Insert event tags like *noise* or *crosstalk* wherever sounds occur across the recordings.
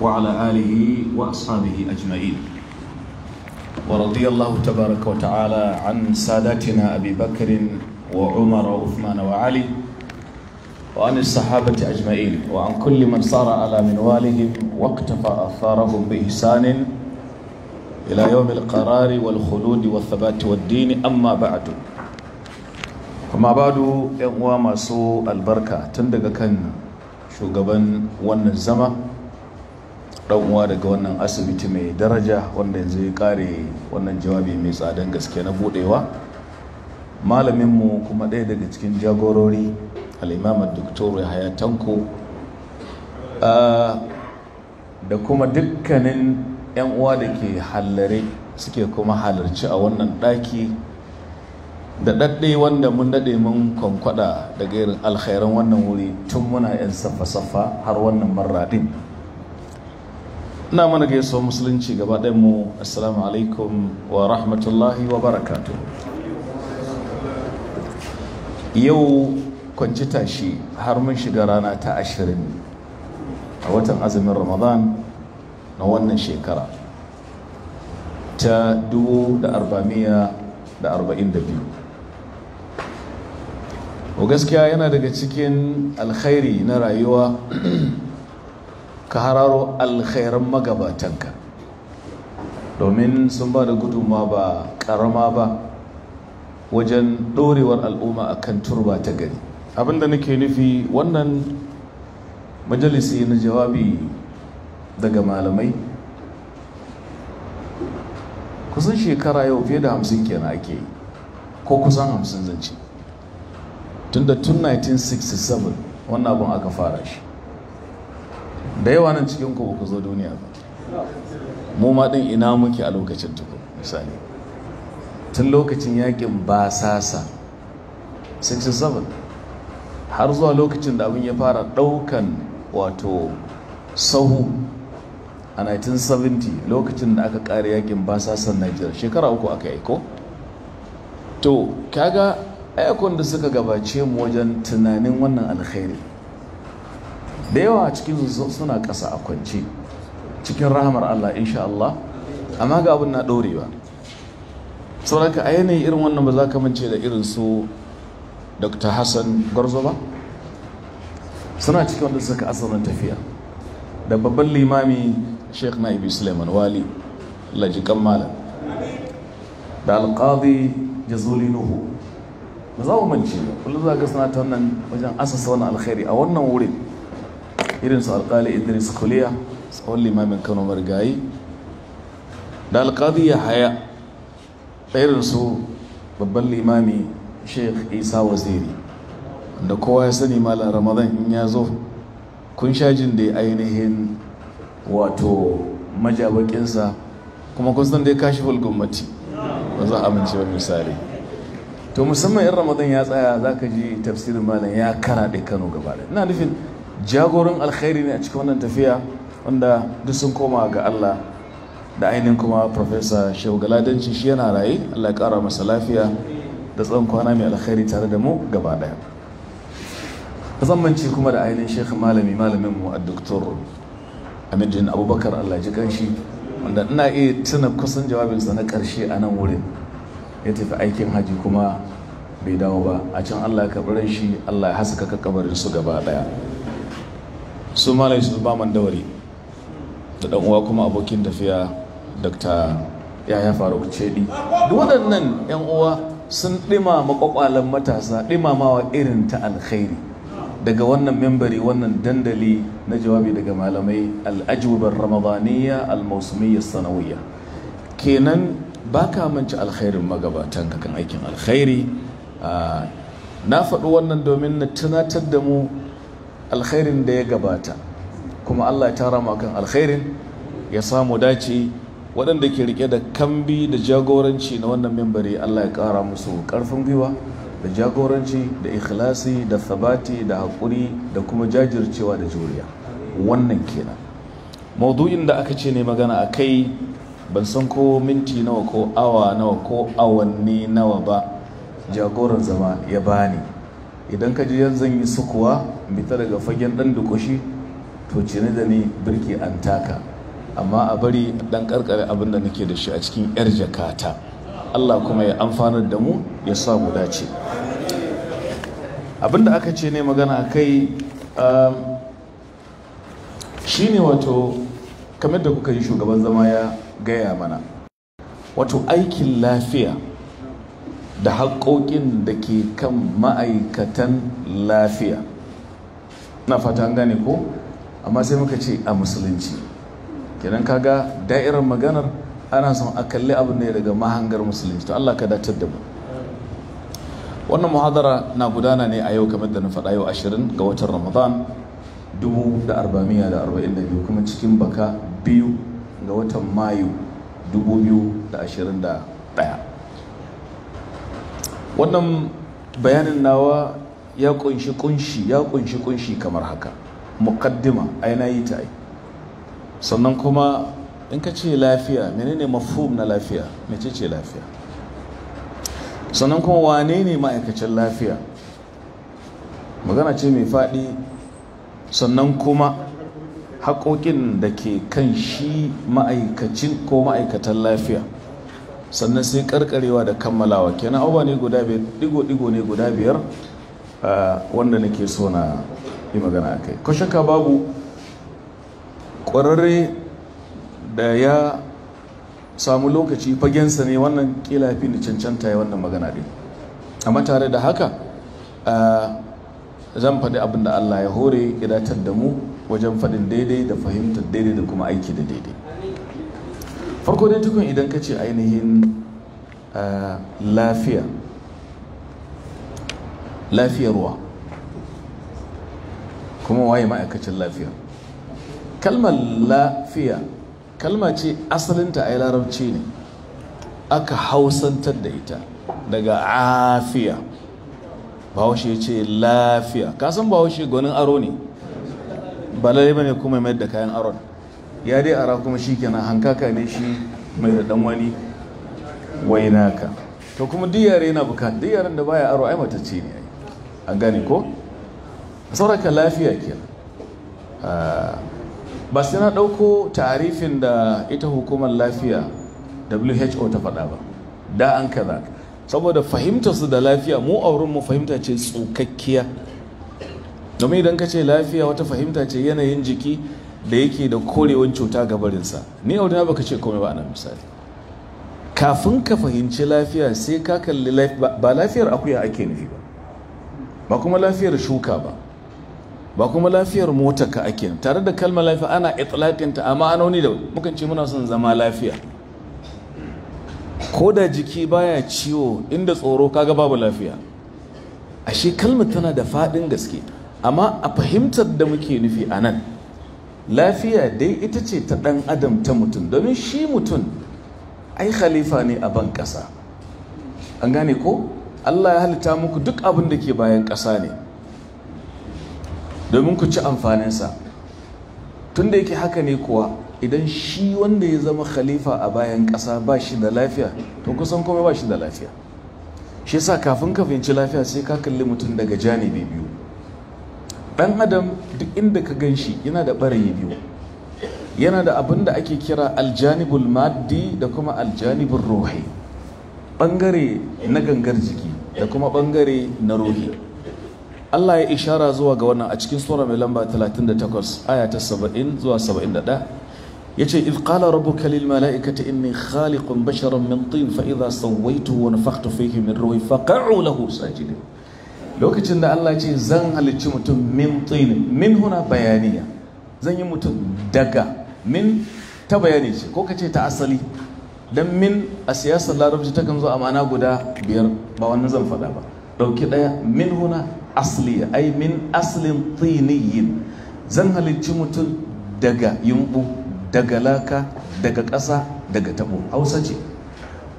وعلى آله وأصحابه أجمعين ورضي الله تبارك وتعالى عن سادتنا أبي بكر وعمر وعثمان وعلي وعن الصحابة أجمعين وعن كل من صار على منوالهم واقتفى أثارهم بإحسان إلى يوم القرار والخلود والثبات والدين أما بعد kuma bado 'yan uwa masu albarka tun daga kan shugaban wannan zama dan uwa daga wannan asibiti mai daraja wanda yanzu ya kare wannan jawabi mai tsadan gaske na budewa malaminmu kuma ɗaya daga cikin jagorori al'imama doktor yahaya tanko da kuma dukkanin 'yan uwa da ke hallare suke kuma halarci a wannan ɗaki da daɗe wanda mun daɗe mun kwankwada daga irin alkhairan wannan wuri tun muna 'yan safa-safa har wannan marradin. na mana yaso musulunci gaba ɗaya mu assalamu alaikum wa rahmatullahi wa barakatu yau kwanci tashi har mun shiga rana ta ashirin a watan azumin ramadan na wannan shekara ta dubu da arba'amiya da arba'in da biyu gaskiya yana daga cikin alkhairi na rayuwa ka hararo alkhairan magabatanka domin sun ba da gudunma ba karama ba wajen ɗorewar al'umma akan turba ta gari abinda nake nufi wannan majalisi na jawabi daga malamai kusan shekara yau fiye da hamsin kenan ake yi ko kusan hamsin zance tun da tun 1967 wannan abin aka fara shi da yawa nan cikin ku ku zo duniya ba mu ma din ina muke a lokacin tuku misali tun lokacin yakin sasa 67 har zuwa lokacin da abin ya fara ɗaukan wato sahu a 1970 lokacin da aka kare yakin basasan Najeriya shekara uku aka yi ko to kaga ayakon da suka gabace mu wajen tunanin wannan alkhairi da yawa cikin suna ƙasa a kwance cikin rahamar Allah insha Allah amma ga abin na ɗorewa sauraka a yanayi irin wannan ba za ka mance da irin su dr hassan gwarzo ba suna cikin wanda suka asarin tafiya da babban limami sheikh na'ibi suleiman wali lajikan malam da alƙadi jazuli nuhu ba za mu mance ba kullum za ka suna ta wannan wajen asasa wani alkhairi a wannan wurin irin su alkali idris kuliya tsawon limamin kano marigayi da alkali ya haya su babban limami sheikh isa waziri da kowa ya sani malam ramadan in ya zo kun shajin da ainihin wato majabakinsa kuma kun san dai kashi gwamnati ba za a amince ba misali to musamman yan ramadan ya tsaya za ka ji tafsirin malam ya karaɗe kano gaba ina nufin jagorin alkhairi ne a cikin wannan tafiya wanda duk sun koma ga Allah da ainihin kuma Profesa Shehu Galadanci shi yana raye Allah ya ƙara masa lafiya da tsawon kwana mai alkhairi tare da mu gaba ɗaya. Zammanci kuma da ainihin Sheikh Malami Malamin mu a Doktor Amidin Abubakar Allah ji kanshi wanda ina iya tuna kusan jawabinsa na ƙarshe a nan wurin ya tafi aikin haji kuma bai dawo ba a can Allah ya karɓi shi Allah ya haska ka kabarin su gaba ɗaya. su malam su ba mandawari da dan uwa kuma abokin tafiya dr yaya faruk cedi duk waɗannan yan uwa sun ɗimama kwakwalen matasa ɗimamawa irin ta alkhairi daga wannan membari wannan dandali na jawabi daga malamai al'ajubar ramadaniya al-mausumiyya sanawiyya kenan baka ka manci alkhairin magabatan kakan kan aikin alkhairi ah, na faɗi wannan domin na tunatar da mu alkhairin da ya gabata kuma Allah ya tara mu akan alkhairin ya samu dace waɗanda ke rike da kambi da jagoranci na wannan membari Allah ya ƙara musu ƙarfin gwiwa da jagoranci da ikhlasi da sabati da haƙuri da kuma jajircewa da juriya wannan kenan maudu'in da aka ce ne magana a kai ban san ko minti nawa ko awa nawa ko awanni nawa ba jagoran zama ya bani idan ka ji yanzu yi sukuwa bita daga fagen ɗan dukushi to cini da ni birki an taka amma a bari ɗan karkare abin da nake da shi a cikin 'yar jakata Allah kuma ya amfanar da mu ya sa mu dace abin da aka ce ne magana kai um, shi ne wato kamar da kuka yi shugaban zama ya gaya mana wato aikin lafiya da haƙoƙin da ke kan ma'aikatan lafiya na fata an gane ko amma sai muka ce a musulunci kenan kaga da'irar maganar ana son a kalli abu ne daga mahangar musulunci to Allah ka datar da mu wannan muhadara na gudana ne a yau kamar da na faɗa yau 20 ga watan Ramadan 1442 kuma cikin baka biyu ga watan Mayu 2021 wannan bayanin nawa ya kunshi kunshi ya kunshi kunshi kamar haka muqaddima aina yi ta sannan kuma in ka ce lafiya menene mafhum na lafiya mece ce lafiya sannan kuma wane ne ma'aikacin lafiya magana ce mai faɗi sannan kuma haƙoƙin da ke kan shi ma'aikacin ko ma'aikatan lafiya sannan sai karkarewa da kammalawa kenan abuwa ne guda biyar ɗigo ɗigo ne guda biyar Eh, wanda nake so na yi magana a kai ko shakka babu ƙwararre da ya samu lokaci fagensa ne wannan kila fi ni cancanta ya wannan magana din amma tare da haka eh, zan faɗi abin da Allah ya hore idatar da mu wajen faɗin daidai da fahimtar daidai da kuma aiki da daidai farko dai tukun idan ka ce ainihin eh, lafiya lafiyar ruwa kuma waye ma'aikacin lafiya kalmar lafiya kalma ce asalinta a larabci ne aka hausantar da ita daga afiya bahaushe ce lafiya kasan bahaushe gwanin aro ne ba lalai ne kuma mai da kayan aron ya dai ara kuma shi kenan hankaka ne shi mai da dan wani wainaka to kuma diyare na yana diyaren da baya aro ai ce ne an gane ko sauraka lafiya kenan ah, ba sai na ɗauko tarifin da ita hukumar lafiya who ta faɗa ba da an kaza saboda fahimta su da lafiya mu a mu fahimta ce tsukakkiya domin idan ka ce lafiya wata fahimta ce yanayin jiki da yake da korewar cuta ga ni a ba ka ce komai ba nan misali kafin ka fahimci lafiya sai ka kalli lafiya. ba lafiyar akuya ake nufi ba ba kuma lafiyar shuka ba ba kuma lafiyar mota ka ake tare da kalmar lafiya ana itlatinta ta amma anoni da mukan ce muna son zama lafiya ko da jiki baya ciwo inda tsoro kaga babu lafiya ashe kalmar tana da faɗin gaske amma a fahimtar da muke nufi a nan lafiya dai ita ce ta ɗan adam ta mutum domin shi mutum ai khalifa ne a ban ƙasa an gane ko Allah ya halitta muku duk abin da ke bayan ƙasa ne domin ku ci amfaninsa tun da yake haka ne kuwa idan shi wanda ya zama khalifa a bayan ƙasa ba shi da lafiya to kusan kuma ba shi da lafiya shi yasa kafin ka fahimci lafiya sai ka kalli mutum daga janibi biyu ɗan adam duk inda ka gan shi yana da ɓarayi biyu yana da abin da ake kira aljanibul maddi da kuma aljanibul ruhi bangare na gangar jiki da kuma bangare na ruhi Allah ya ishara zuwa ga wannan a cikin sura mai lamba 38 aya ta 70 zuwa 71 yace id qala rabbuka lil malaikati inni khaliqun basharan min tin fa idha sawaituhu wa nafakhtu fihi min ruhi faq'u lahu sajidin lokacin da Allah ce zan halicci mutum min tin min huna bayaniya zan yi mutum daga min ta bayani ce ko kace ta asali don min a siyasar larabci takan zo a mana guda biyar ba wani zan faɗa ba ɗauki ɗaya min huna asli ai min aslin tiniyin zan halicci mutum daga yumɓu daga laka daga ƙasa daga tabo hausa ce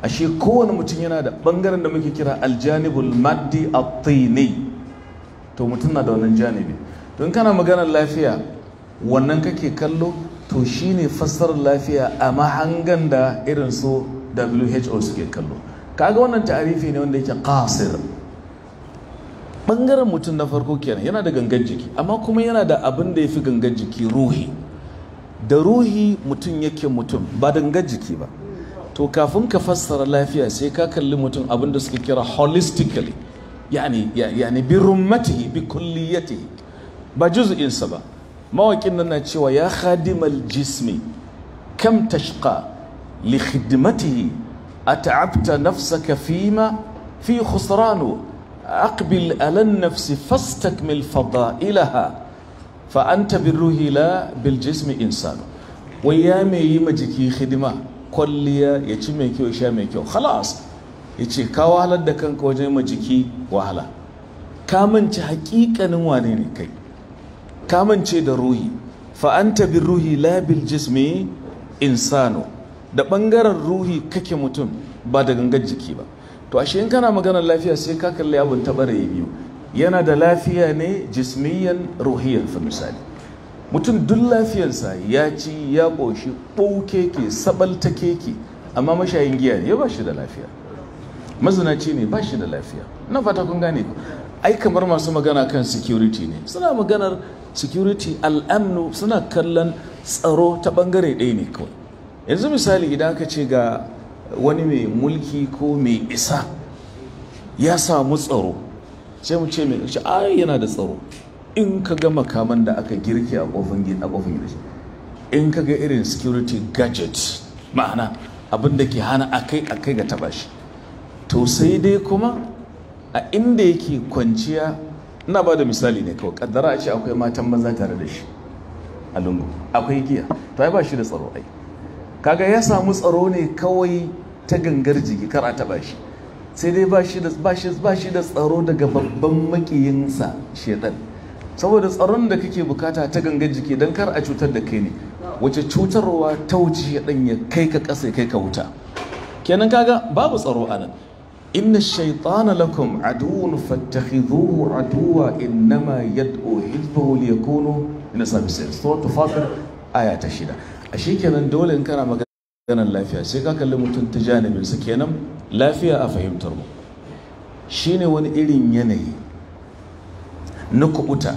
ashe kowane mutum yana da ɓangaren da muke kira aljanibul maddi a tini to mutum na da wannan janibi don kana maganar lafiya wannan kake kallo to shi ne fassarar lafiya a mahangan da irin su WHO suke kallo kaga wannan tarihi ne wanda yake kasir? ɓangaren mutum na farko kenan yana da gangan jiki amma kuma yana da abin da ya fi gangan jiki ruhi da ruhi mutum yake mutum ba gangan jiki ba to kafin ka fassara lafiya sai ka kalli mutum abin da suke kira holistically yani yani bi rummatihi bi kulliyatihi ba juz'insa ba mawakin nan na cewa ya khadimal jismi kam tashqa li khidmatihi ata'abta nafsaka fima fi khusranu aqbil ala nafsi fastakmil fada'ilaha fa anta birruhi la bil jismi wai ya me yi ma jiki hidima kwalliya ya ci mai kyau ya sha mai kyau khalas ya ce ka wahalar da kanka wajen ma jiki wahala ka manci hakikanin wane ne kai kamance da ruhi fa'anta bin ruhi labil jismi insano da ɓangaren ruhi kake mutum ba da gangar jiki ba to ashe in kana maganar lafiya sai ka kalli abin taɓarayi biyu yana da lafiya ne jismiyan ruhiyar fa misali mutum duk lafiyarsa ya ci ya ƙoshi ɓauke ke sabalta keke amma mashayin giya ne ya ba shi da lafiya mazinaci ne ba shi da lafiya na fata kun gane ku ai kamar masu magana kan security ne suna maganar security al'amnu suna kallon tsaro ta bangare ɗaya ne kawai yanzu misali idan aka ce ga wani mai mulki ko mai isa ya samu tsaro sai mu ce mai ai yana da tsaro in ka ga makaman da aka girke a kofin gida in ka ga irin security gadget ma'ana abin da ke hana akai akai ga taba shi to sai dai kuma a inda yake kwanciya ina ba da misali ne kawai kaddara a ce akwai matan maza tare da shi a lungu akwai giya to ai ba shi da tsaro ai kaga ya samu tsaro ne kawai ta gangar jiki kar a taba shi sai dai ba shi da tsaro daga babban makiyinsa shedan saboda tsaron da kake bukata ta gangar jiki don kar a cutar da kai ne wace cutarwa ta wuce shedan ya kai ka kasa ya kai ka wuta kenan kaga babu tsaro a nan inna shaitana lakum aduwwun fattakhidhuhu aduwa innama yad'u hizbahu liyakunu min ashabis suratu fatir aya ta shida ashe kenan dole in kana maganar lafiya sai ka kalli mutum ta janibin sa kenan lafiya a fahimtar mu shine wani irin yanayi na kubuta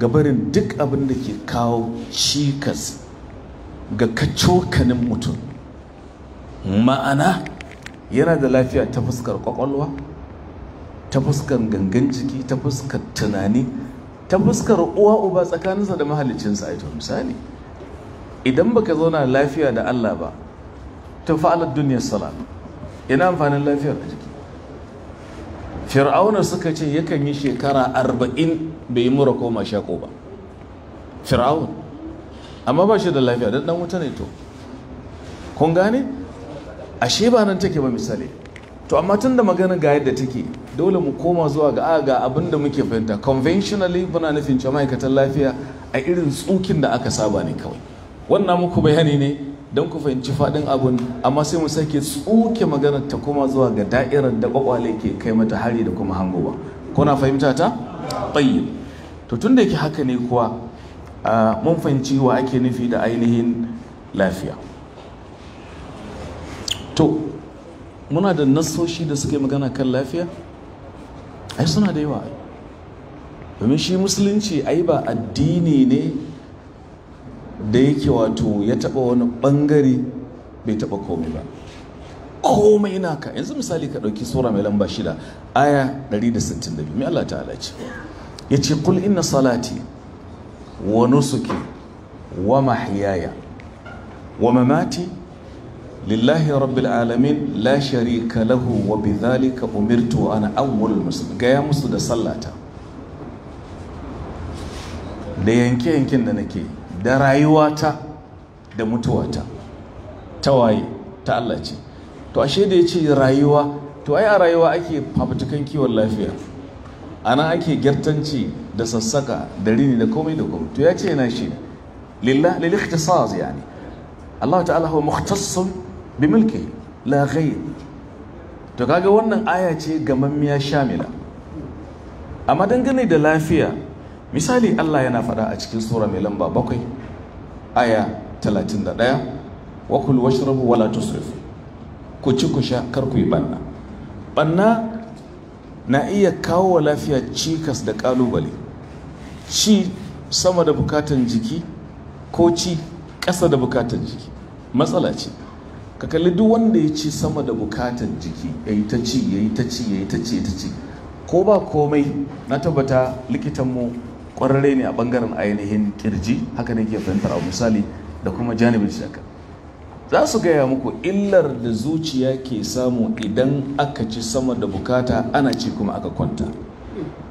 gabarin duk abin da ke kawo cikas ga kacokanin mutum ma'ana yana da lafiya ta fuskar kwakwalwa ta fuskar gangan jiki ta fuskar tunani ta fuskar uwa uba tsakaninsa da mahalicinsa a misali idan baka zauna lafiya da Allah ba ta fa'alar duniyar salam ina amfanin lafiyar a jiki fir'auna suka ce yakan yi shekara arba'in bai yi mura koma mashako ba fir'aun amma ba shi da lafiya don dan wuta ne to kun gane ashe ba nan take ba misali to amma tun da magana ga yadda take dole mu koma zuwa ga aga ah, abin da muke fahimta conventionally muna nufin cewa ma'aikatan lafiya a irin tsukin da aka saba ne kawai wannan muku bayani ne don ku fahimci faɗin abun amma sai mu sake tsuke maganar ta koma zuwa ga da'irar da kwakwale ke kai mata hari da kuma hango ba kuna fahimta ta tayyib to tun da yake haka ne kuwa ah, mun fahimci wa ake nufi da ainihin lafiya to muna da nasoshi da suke magana kan lafiya ai suna da yawa domin shi musulunci ai ba addini ne da yake wato ya taba wani bangare bai taba komai ba komai ka. yanzu misali ka ɗauki sura mai lamba shida aya 162 mai Allah ta'ala ce ya ce kul inna salati wa nusuki wa mahiyaya wa mamati lillahi rabbi'l'alamin alamin la sharika lahu wa bidhalika umirtu ana awwalul gaya musu da sallata da yanke yanken da nake da rayuwata da mutuwata tawaye ta Allah ce to ashe da yace rayuwa to ai a rayuwa ake fafutukan kiwon lafiya ana ake gyartanci da sassaka da rini da komai da komai to ya ce yana shi lillah lil ikhtisas yani Allahu ta'ala huwa mukhtassun bi la ghayr to kaga wannan aya ce gamammiya shamila amma dangane da lafiya misali Allah yana faɗa a cikin sura mai lamba bakwai aya 31 wa kul washrabu wala tusrifu ku ci ku sha kar ku yi banna banna na iya kawo wa lafiya cikas da kalubale ci sama da bukatan jiki ko ci ƙasa da bukatan jiki matsala ce ka kalli duk wanda ya ci sama da bukatan jiki ya yi ta ci ya yi ta ci ya yi ta ci ya ta ci ko ba komai na tabbata likitanmu kwararre ne a bangaren ainihin kirji haka ne ke fahimtar a misali da kuma janibin shaka za su gaya muku illar da zuciya ke samu idan aka ci sama da bukata ana ci kuma aka kwanta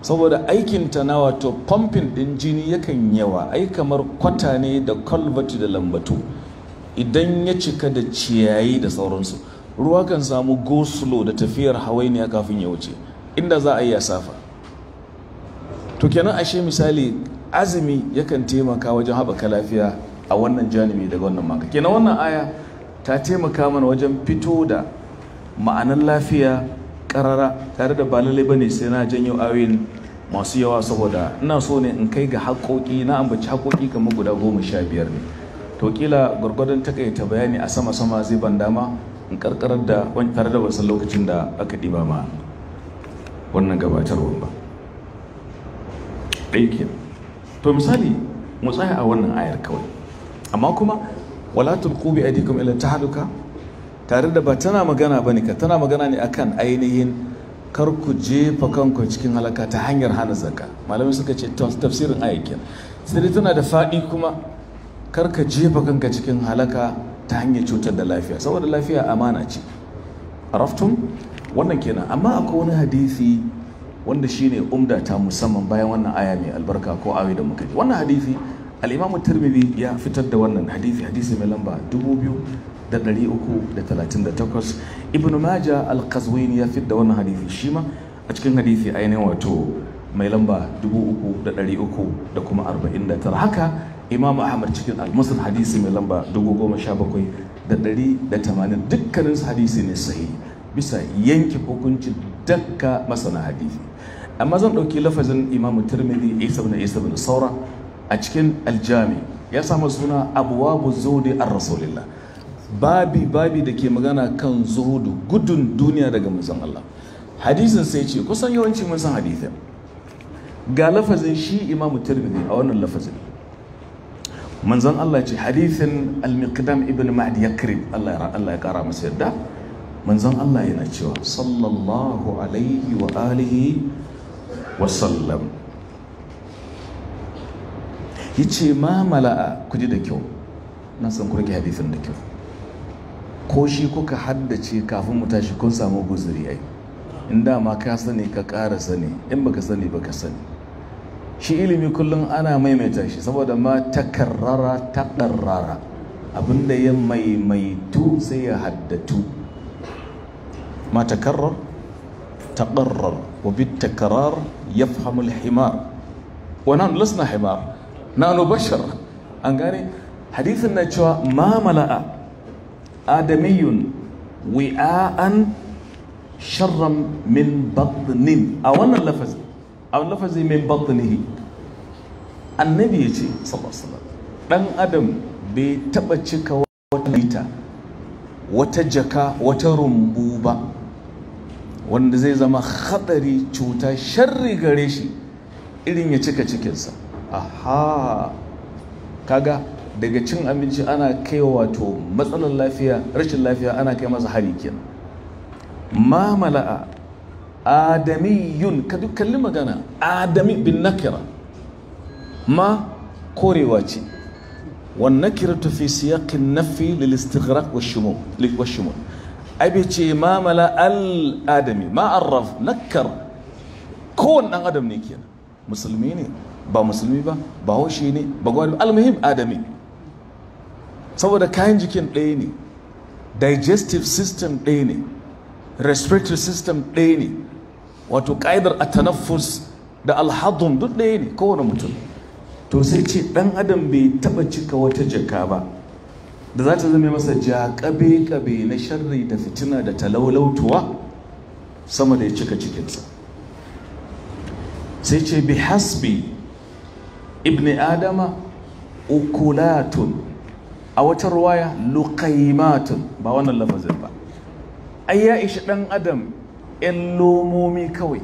saboda aikin ta na wato pumping din jini yakan yawa ai kamar kwata ne da kwalbati da lambatu idan ya cika da ciyayi da sauransu ruwa kan samu goslo da tafiyar hawainiya kafin ya wuce inda za a yi safa to kenan ashe misali azumi yakan taimaka wajen haɓaka lafiya a wannan janibi daga wannan maka kenan wannan aya ta taimaka mana wajen fito da ma'anan lafiya ƙarara tare da ba lallai bane sai na janyo awin masu yawa saboda ina so ne in kai ga haƙoƙi na ambaci haƙoƙi kamar guda goma sha biyar ne to kila gwargwadon takaita bayani a sama-sama zai ban dama in karkarar da wani tare da wasan lokacin da aka ɗiba ma wannan gabatarwa ba Aiki, to misali mu tsaya a wannan ayar kawai amma kuma wala tulqu bi aydikum ila tahaluka tare da ba tana magana bane ka tana magana ne akan ainihin kar ku jefa kanku cikin halaka ta hanyar hana zaka malamai suka ce tafsirin ayakin sai dai tana da faɗi kuma karka jefa kanka cikin halaka ta hanyar cutar da lafiya saboda lafiya amana ce raftun wannan kenan amma akwai wani hadisi wanda shine umda ta musamman bayan wannan aya mai albarka ko awe da muka ji wannan hadisi al-imam ya fitar da wannan hadisi hadisi mai lamba 2338 ibn maja al-qazwini ya fitar da wannan hadisi shi ma a cikin hadisi ainihin wato mai lamba 3349 da kuma haka imamu ahmad cikin almasar hadisi mai lamba da da tamanin dukkanin hadisi ne sahi bisa yanke hukuncin dakka masana hadisi amma zan ɗauki lafazin imamu tirmidhi isa bin isa bin saura a cikin aljami ya samu suna abuwabu zuhudi an rasulillah babi babi da ke magana kan zuhudu gudun duniya daga manzon Allah hadisin sai ce kusan yawanci mun san ga lafazin shi imamu tirmidhi a wannan lafazin manzon Allah ce hadithin al-miqdam ibn mahdi ya kirib Allah ya kara masa yadda manzon Allah yana cewa sallallahu alaihi wa alihi wa sallam yace ma mala'a ku ji da kyau na san ku rage hadithin da kyau ko shi kuka haddace kafin mu tashi kun samu guzuri ai in dama ka sani ka ƙara sani in baka sani baka sani shi ilimi kullum ana maimaita shi saboda ma takarrara takarrara abinda ya maimaitu sai ya haddatu ma takarrar takarrar wa bi takarar ya fahimul himar wa nan lasna himar na bashar an gane hadithin na cewa ma mala'a adamiyun wi'a'an sharram min batnin a wannan lafazin a wani lafazi min batnihi annabi ya ce sallallahu dan adam bai taba cika wata lita wata jaka wata rumbu ba wanda zai zama hadari cuta sharri gare shi irin ya cika cikinsa aha kaga daga cin abinci ana kai wato matsalar lafiya rashin lafiya ana kai masa hari kenan ma mala'a adamiyun ka duk kalli magana adami bin nakira ma korewa ce wannan kira fi siyaqin nafi lil istighraq wa shumul wa shumul abi ce ma mala al adami ma arraf nakkar kowanne adam ne kenan musulmi ne ba musulmi ba ba hoshi ne ba gwari almuhim adami saboda kayan jikin ɗaya ne digestive system ɗaya ne respiratory system ɗaya ne wato ƙa'idar a tanaffus da alhadun duk ɗaya ne kowane mutum to sai ce ɗan adam bai taɓa cika wata jaka ba da za ta zama masa jakabe ƙabe na sharri da fitina da talaulautuwa sama da ya cika cikinsa sai ce bi hasbi ibn adama ukulatun a wata ruwaya luqaimatun ba wannan lafazin ba ai ya ishi ɗan adam 'yan lomomi kawai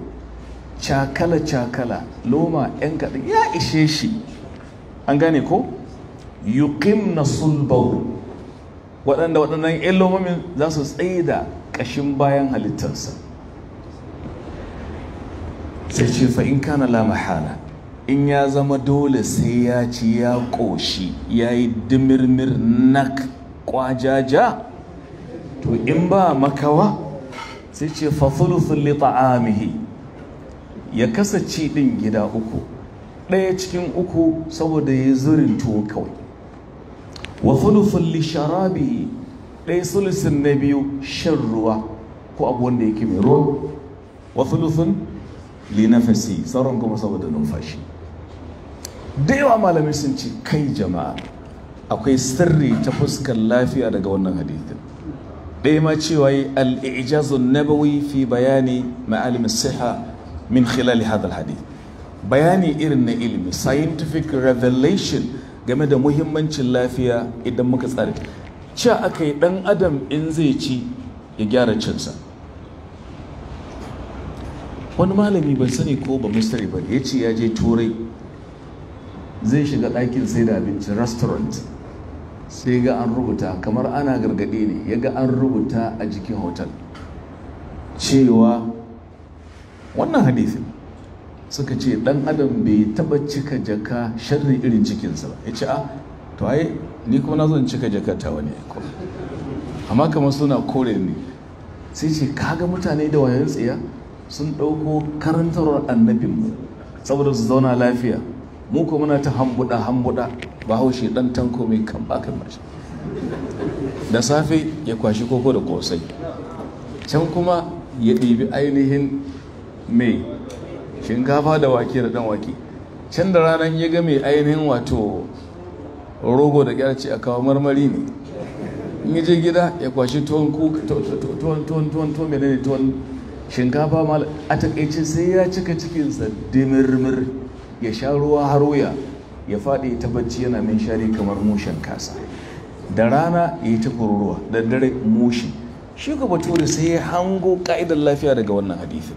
cakala-cakala loma 'yan kaɗan ya ishe shi an gane ko yukim na sulbau waɗanda waɗannan 'yan lomomin za su tsaye da ƙashin bayan halittarsa sai ce fa'in kana la mahala in ya zama dole sai ya ci ya ƙoshi ya yi dimirmir nak ƙwajaja? to in ba makawa sai ce fa thuluthun ta'amihi ya kasa ci din gida uku ɗaya cikin uku saboda ya zurin tuwo kawai wa thuluthun li sharabi ɗaya sulusin na biyu shan ruwa ko abu wanda yake mai ruwa wa thuluthun li nafasi sauran kuma saboda numfashi da yawa malamai sun ce kai jama'a akwai sirri ta fuskar lafiya daga wannan hadithin ɗaya eh ma cewa yi al’ijazun nabawi fi bayani ma'alim siha min khilali hadal hadi bayani irin na ilimi scientific revelation game da muhimmancin lafiya idan muka tsare cewa aka yi ɗan adam in zai ci ya gyara cinsa wani malami ban sani ko ba mystery ba ya ce ya je turai zai shiga ɗakin sai da abinci restaurant sai ga an rubuta kamar ana gargaɗe ne ya ga an rubuta a jikin hotel cewa wannan hadisin suka ce dan adam bai taba cika jaka sharri irin cikinsa ba ya ce a ah, to ai ni kuma na zan cika jaka ta wani amma kamar suna kore ne sai ce kaga mutane da wayan tsiya sun ɗauko karantarwar annabin mu saboda su zauna lafiya mu kuma muna ta hambuɗa-hambuɗa. bahaushe dan tanko mai kan bakan mashi da safe ya kwashi koko da kosai can kuma ya ɗibi ainihin mai shinkafa da wake da dan wake can da ranar ya ga mai ainihin wato rogo da gyarci a kawo marmari ne in yi je gida ya kwashi tuwon kuka tuwon tuwon tuwon tuwon menene tuwon shinkafa ma a takaice sai ya cika cikinsa dimirmir ya sha ruwa har wuya ya faɗi ta bacci yana min shari kamar mushen kasa da rana ya yi ta kururuwa da dare mushi shi ka bature sai ya hango ka'idar lafiya daga wannan hadithin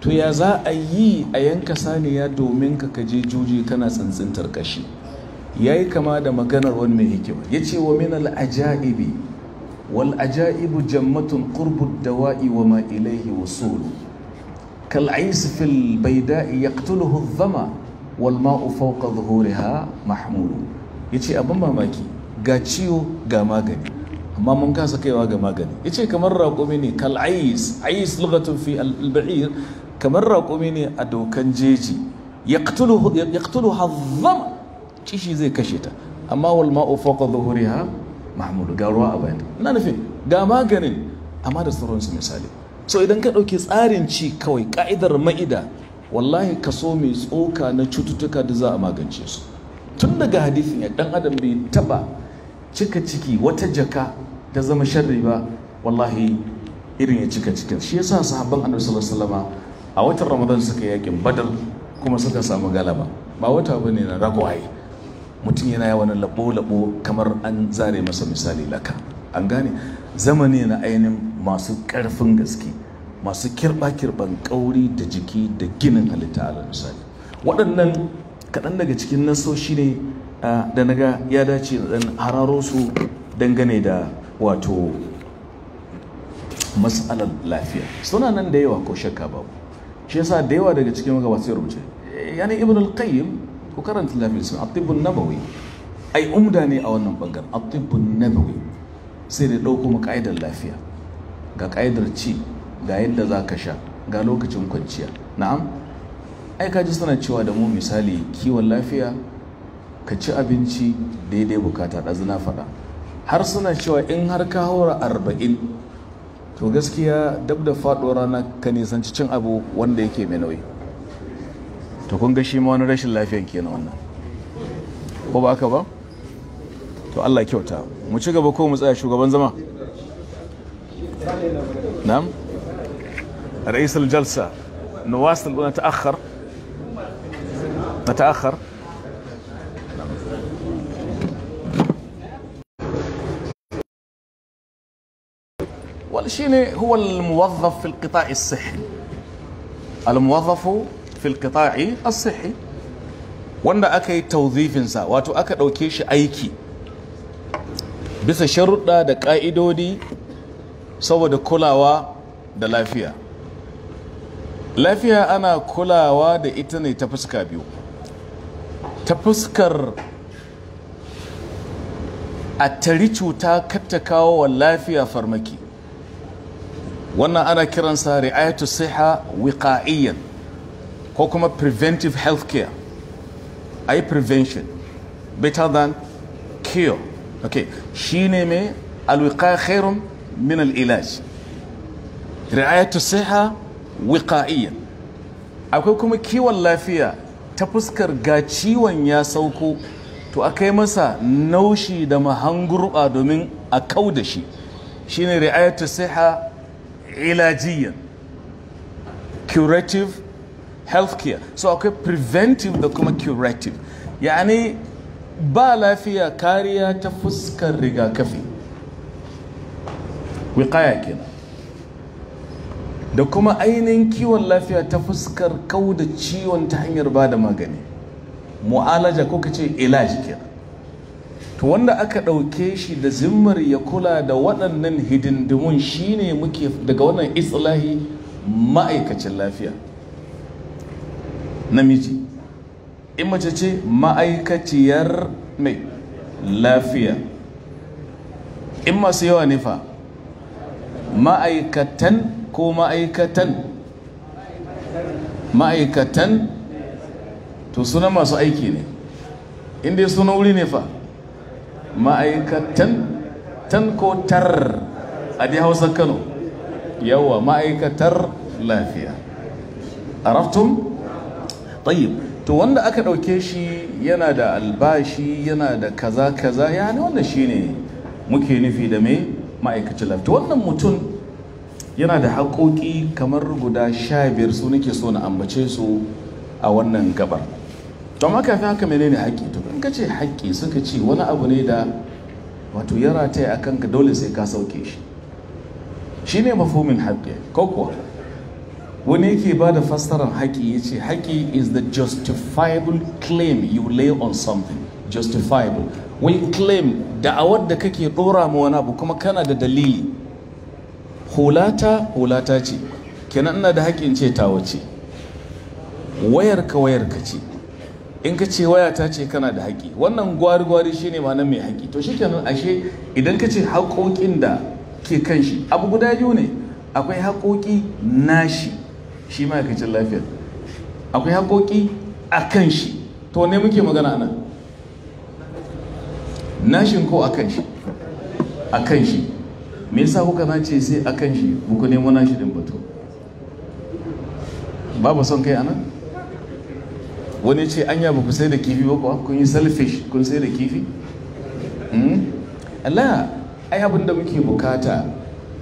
to ya za a yi a yanka saniya domin ka kaje juji kana tsintsintar kashi ya yi kama da maganar wani mai hikima ya ce wa min al'aja'ibi wal aja'ibu jammatun qurbud dawa'i wa ma ilaihi wasulu kal ais fil baida'i yaqtuluhu dhama wal ma'u fawqa dhuhuriha yace abin mamaki ga ciwo ga magani amma mun kasa kaiwa ga magani yace kamar raƙumi ne kal ais ais lughatun fi al ba'ir kamar raƙumi ne a dokan jeji yaqtuluhu yaqtuluha dham cishi zai kashe ta amma wal ma'u fawqa dhuhuriha mahmulu ga ruwa a bayan ina nufin ga maganin amma da su misali so idan ka ɗauki tsarin ci kawai ka'idar ma'ida wallahi kaso mai tsoka na cututtuka da za a magance su tun daga hadisin ya dan adam bai taba cika ciki wata jaka ta zama sharri ba wallahi irin ya cika cikin shi yasa sahabban annabi sallallahu alaihi a watan ramadan suka yakin badar kuma suka samu galaba ba wata bane na ragwaye mutum yana yawan labo labo kamar an zare masa misali laka an gane zamani na ainihin masu karfin gaske masu kirɓa-kirɓan ƙauri da jiki da ginin halitta ala misali waɗannan kaɗan daga cikin nasoshi ne da na ga ya dace da ɗan hararo su dangane da wato matsalar lafiya suna nan da yawa ko shakka babu shi yasa da yawa daga cikin maka wasu rubuce yani ibn al-qayyim ko karanta lafiya sun atibun nabawi ai umda ne a wannan bangaren atibun nabawi sai da ɗauko maka'idar lafiya ga ka'idar ci ga yadda za ka sha ga lokacin kwanciya na'am ai ka ji suna cewa da mu misali kiwon lafiya ka ci abinci daidai bukata ɗazu na faɗa har suna cewa in har ka haura arba'in to gaskiya dab da faɗo rana ka nisanci cin abu wanda yake mai nauyi to kun ga shi ma wani rashin lafiyan kenan wannan ko ba ka ba to Allah kyauta mu ci gaba ko mu tsaya shugaban zama na'am رئيس الجلسة نواصل ونتأخر نتأخر والشيني هو الموظف في القطاع الصحي الموظف في القطاع الصحي وانا اكي توظيف انسا واتو اكد اوكيش ايكي بس شرطة دا دا قائدو دي سوى دا كلاوا دا لافيا lafiya ana kulawa da ita ne ta fuska biyu ta fuskar a tari cuta katta kawo wa lafiya farmaki wannan ana kiransa ri'ayatu siha wiqa'iyyan ko kuma preventive health care ai prevention better than cure okay shine mai alwiqa khairun min al ri'ayatu siha wiqa'iyyan akwai kuma kiwon lafiya ta fuskar ga ciwon ya sauko to a kai masa naushi da mahangurba domin a kau da shi shine ri'ayatu siha ilajiyyan curative healthcare so akwai preventive da kuma curative yani ba lafiya kariya ta fuskar rigakafi wiqaya kenan da kuma ainihin kiwon lafiya ta fuskar kau da ciwon ta hanyar ba da magani mu'alaja ko ka ce ilaji ke. to wanda aka ɗauke shi da zimmar ya kula da waɗannan hidindimun shine muke daga wannan islahi ma'aikacin lafiya namiji in mace ce ma'aikaciyar mai lafiya in masu yawa ne fa ma'aikatan ko ma'aikatan ma'aikatan to suna masu aiki ne inda suna wuri ne fa ma'aikatan tan ko tar a dai hausa kano yawa ma'aikatar lafiya araftum tayyib to wanda aka ɗauke shi yana da albashi yana da kaza kaza ya ne shi ne, muke nufi da mai ma'aikacin lafiya to wannan mutum yana da haƙoƙi kamar guda sha biyar su nake so na ambace su a wannan gabar don haka fi haka ne haƙƙi to in ka ce haƙƙi suka ce wani abu ne da wato yara ta yi a kanka dole sai ka sauke shi shi ne mafumin haƙƙi ko kuwa wani yake ba da fassarar haƙƙi ya ce haƙƙi is the justifiable claim you lay on something justifiable wani claim da'awar da kake ɗora ma wani abu kuma kana da dalili hulata hulata ce kenan ina da haƙƙin ce ta wace wayarka wayarka ce in ka ce waya ta ce kana da haƙƙi wannan gwari-gwari shine ma mai haƙƙi to kenan ashe idan ka ce haƙoƙin da ke kan shi abu guda biyu ne akwai haƙoƙi nashi shi ma'aikacin lafiya akwai haƙoƙi a kan shi to ne muke magana nan nashin ko a kan shi a kan shi me yasa kuka na ce sai a kan shi muku nemo shi din batu babu son kai anan wani ce anya ba ku sai da kifi ba kuwa kun yi selfish kun sai da kifi hmm? Allah ai abin da muke bukata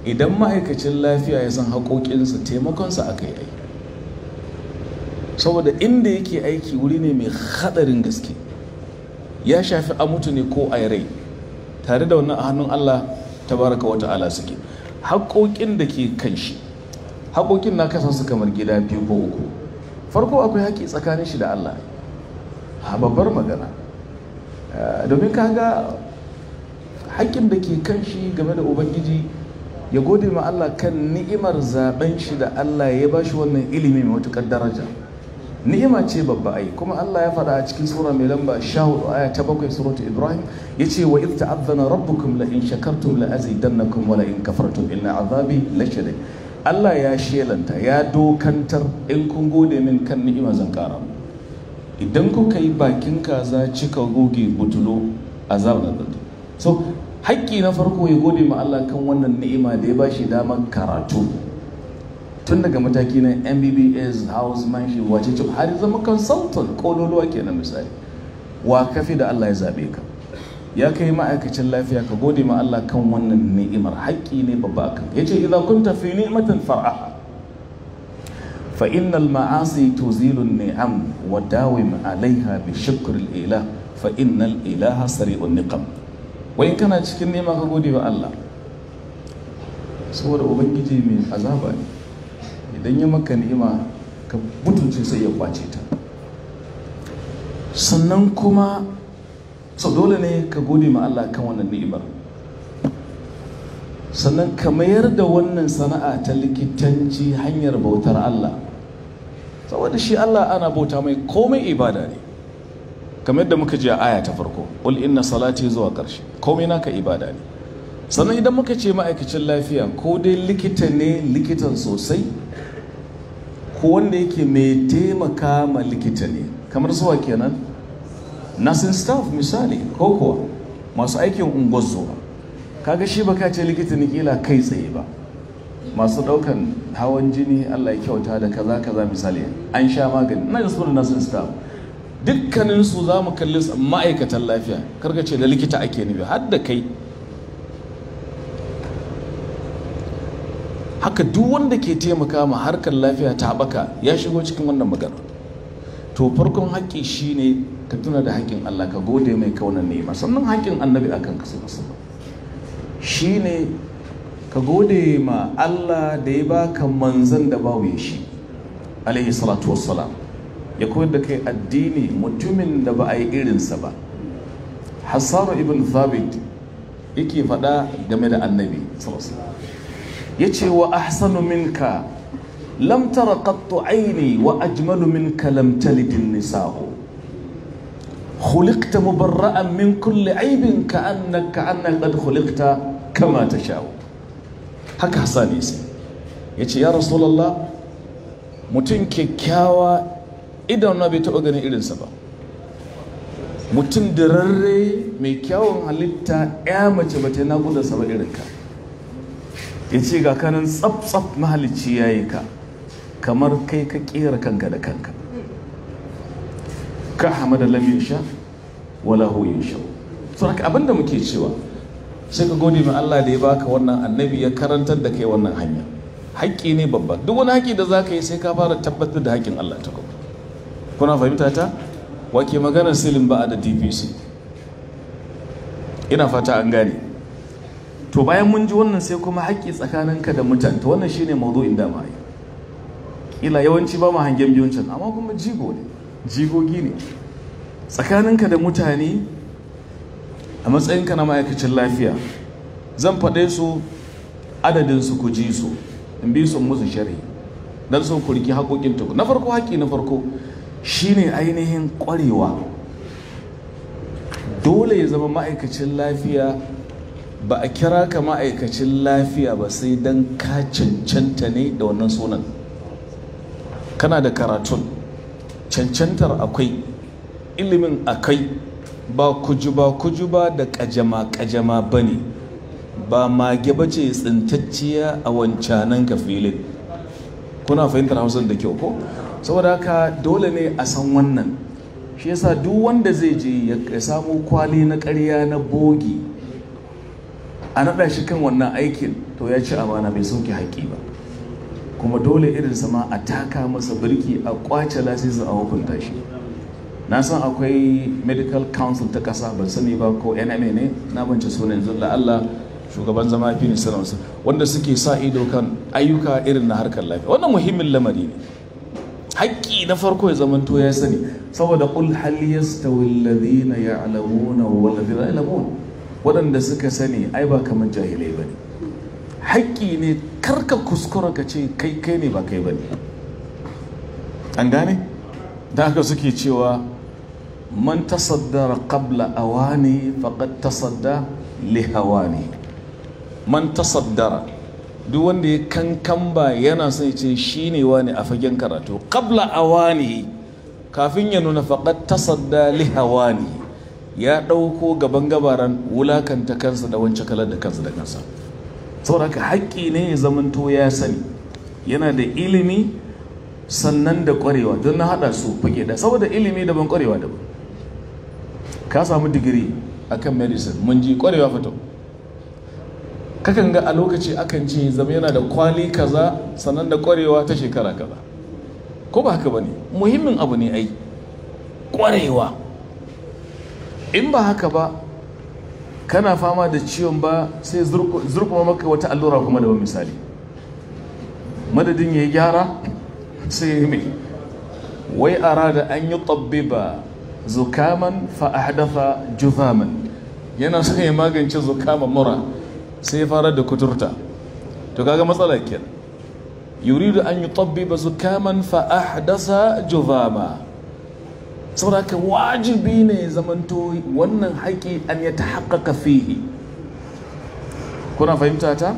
idan ma'aikacin lafiya ya san haƙoƙinsa taimakonsa aka yi ai saboda inda yake aiki wuri ne mai haɗarin gaske ya shafi a mutu ne ko a rai tare da wannan a hannun Allah tabaraka wa ta'ala suke haƙoƙin da ke kan shi haƙoƙin na kasa su kamar gida biyu ko uku farko akwai haƙi tsakanin shi da Allah a babbar magana eh, domin ka ga haƙƙin da ke kan shi game da ubangiji ya gode ma Allah kan ni'imar zaben shi da Allah ya ba shi wannan ilimi mai matuƙar daraja ni'ima ce babba ai kuma Allah ya faɗa a cikin sura mai lamba 14 aya ta bakwai suratu Ibrahim yace wa idh ta'adhana rabbukum la in shakartum la azidannakum wa la in kafartum inna azabi lashadid Allah ya shelanta ya dokantar in kun gode min kan ni'ima zan kara idan kuka yi bakin kaza cika goge butulo azab na dadu so haƙƙi na farko ya gode ma Allah kan wannan ni'ima da ya bashi damar karatu tun daga mataki na mbbs housemanship wace ce har zama consultant kololuwa na misali wa kafi da allah ya zaɓe ka ya kai ma'aikacin lafiya ka gode ma allah kan wannan ni'imar haƙƙi ne babba ka ya ce idan kun tafi ni'matin fara'a. fa ma'asi tuzilu ni'am wa dawim alaiha bi shukril ilah fa ilaha sari'un niqam wai kana cikin nema ka gode wa allah saboda ubangiji mai azaba ne idan ya maka ni'ima ka mutunce sai ya kwace ta sannan kuma sau dole ne ka gode ma Allah kan wannan ni'imar sannan ka mayar da wannan sana'a ta likitanci hanyar bautar Allah saboda shi Allah ana bauta mai komai ibada ne kamar yadda muka ji a aya ta farko ul inna salati zuwa ƙarshe komai naka ibada ne sannan idan muka ce ma'aikacin lafiya ko dai likita ne likitan sosai ko wanda yake mai taimaka ma likita ne kamar zuwa kenan nursing staff misali ko kuwa masu aikin unguwar kaga shi baka ce likita ne kila kai tsaye ba masu daukan hawan jini Allah ya kyauta da kaza kaza misali an sha magani na da nursing staff dukkaninsu za mu kalli ma'aikatan lafiya karka ce da likita ake nufi har da kai haka duk wanda ke taimaka ma harkar lafiya ta haɓaka ya shigo cikin wannan magana to farkon haƙƙi shine ka tuna da haƙƙin Allah ka gode mai kaunar nema sannan haƙƙin annabi akan ka sai Shi shine ka gode ma Allah da ya baka manzan da babu shi alaihi salatu wassalam ya koyar da kai addini mutumin da ba a yi irinsa ba hassanu ibn thabit yake faɗa game da annabi sallallahu yace wa ahsanu minka lamtara aini wa ajmalu minka lam talid nisa'u khuliqta mubarra'an min kulle aibin ka'annaka annaka qad khuliqta kama tasha'u haka Hassan yace yace ya rasulullah mutum kyakkyawa idan na bai taɓa ganin irinsa ba mutum da rarre mai kyawun halitta ya mace ba na yi ba irinka ya ce ga kanin tsaf-tsaf mahalicci ya yi ka kamar kai ka kera kanka da kanka ka hamada lam sha wala hu yasha to haka abinda muke cewa sai ka gode mai Allah da ya baka wannan annabi ya karantar da kai wannan hanya haƙƙi ne babba duk wani haƙƙi da za ka yi sai ka fara tabbatar da haƙƙin Allah ta kuma kuna fahimta ta wake maganar silin ba a da dpc ina fata an gane to bayan mun ji wannan sai kuma haƙƙi tsakaninka da mutane to wannan shine mawdu'in da ma ila yawanci ba mu hangen biyun can amma kuma jigo ne jigogi ne tsakaninka da mutane a matsayinka na ma'aikacin lafiya zan faɗe su adadin su ku ji su in bi su musu sharhi dan so ku riki haƙoƙin tuku na farko haƙƙi na farko shine ainihin ƙwarewa dole ya zama ma'aikacin lafiya ba a kira ka ma'aikacin lafiya ba sai don ka cancanta ne da wannan sunan kana da karatun cancantar akwai ilimin akai ba kujuba kujuba da kajama kajama ba ne ba mage ba ce tsintacciya a wancanan ka filin kuna fahimtar hausar da kyau ko saboda haka dole ne a san wannan shi yasa duk wanda zai je ya samu kwali na karya na bogi a naɗa shi kan wannan aikin to ya ci amana bai sauke haƙƙi ba kuma dole irin sama a taka masa birki a kwace lasisin a hukunta shi na san akwai medical council ta ƙasa ban sani ba ko nma ne na bance sunan yanzu Allah shugaban zama fi wasu. wanda suke sa ido kan ayyuka irin na harkar lafiya wannan muhimmin lamari ne haƙƙi na farko ya zamanto ya sani saboda ƙul hal yastawi alladhina ya'lamuna wal ladhina la waɗanda suka sani ai ba kamar jahilai ba ne haƙƙi ne karka kuskura ka ce kai kai ne ba kai ba ne an gane da haka suke cewa man tasaddara qabla awani faqad tasadda li hawani man tasaddara duk wanda ya kankan ba yana son ce shi ne wani a fagen karatu qabla awani kafin ya nuna faqad tasadda li ne. ya ɗauko gaban gabaran wulakanta kansa da wancan kalar da kansa da kansa saboda haka haƙƙi ne ya zamanto ya sani yana da ilimi sannan da ƙwarewa don na haɗa su fage da saboda ilimi da ban ƙwarewa daban ka samu digiri akan medicine mun ji ƙwarewa fito kakan ga a lokaci akan ce zama yana da kwali kaza sannan da ƙwarewa ta shekara kaza ko ba haka ba ne muhimmin abu ne ai ƙwarewa in ba haka ba kana fama da ciwon ba sai zurkuma maka wata allura kuma da misali madadin ya yi gyara sai ya yi mai wai arada an yi tabbiba zukaman fa ahdatha jufaman yana son ya magance zukaman mura sai ya fara da kuturta to kaga matsala kenan yuridu an yi ba zukaman fa ahdasa juzama saboda haka wajibi ne ya zamanto wannan haƙi an ya ka fihi kuna fahimta ta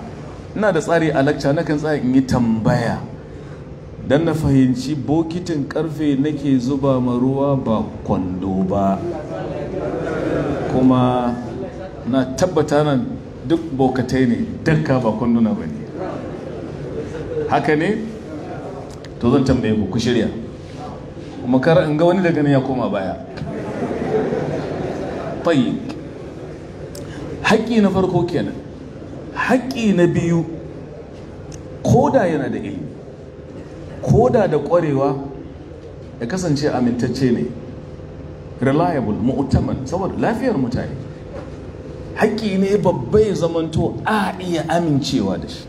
ina da tsari a lakca kan tsaya in yi tambaya Don na fahimci bokitin karfe nake zuba ma ruwa ba kwando ba kuma na tabbata nan duk bokatai ne dukka ba kwanduna ba ne haka ne to zan tambaye ku ku shirya kuma in ga wani daga nan ya koma baya Fai haƙƙi na farko kenan haƙƙi na biyu koda yana da ilimi koda da ƙwarewa ya kasance amintacce ne reliable mu'taman saboda lafiyar mutane haƙƙi ne babba ya zamanto a iya amincewa da shi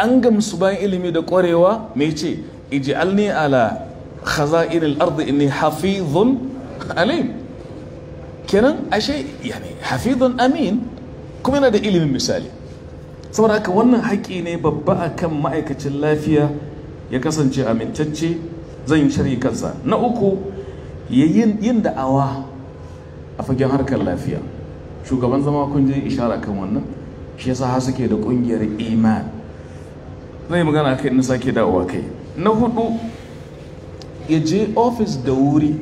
an gamsu bayan ilimi da ƙwarewa mai ce Iji ij'alni ala khaza'in al-ard amin kuma yana da ilimin misali saboda haka wannan haƙi ne babba akan ma'aikacin lafiya ya kasance amintacce zan yi shari kansa na uku yin da'awa a fagen harkar lafiya shugaban zama kun je ishara kan wannan shi yasa suke da ƙungiyar iman zai magana kai na sake dawowa kai na hudu ya je ofis da wuri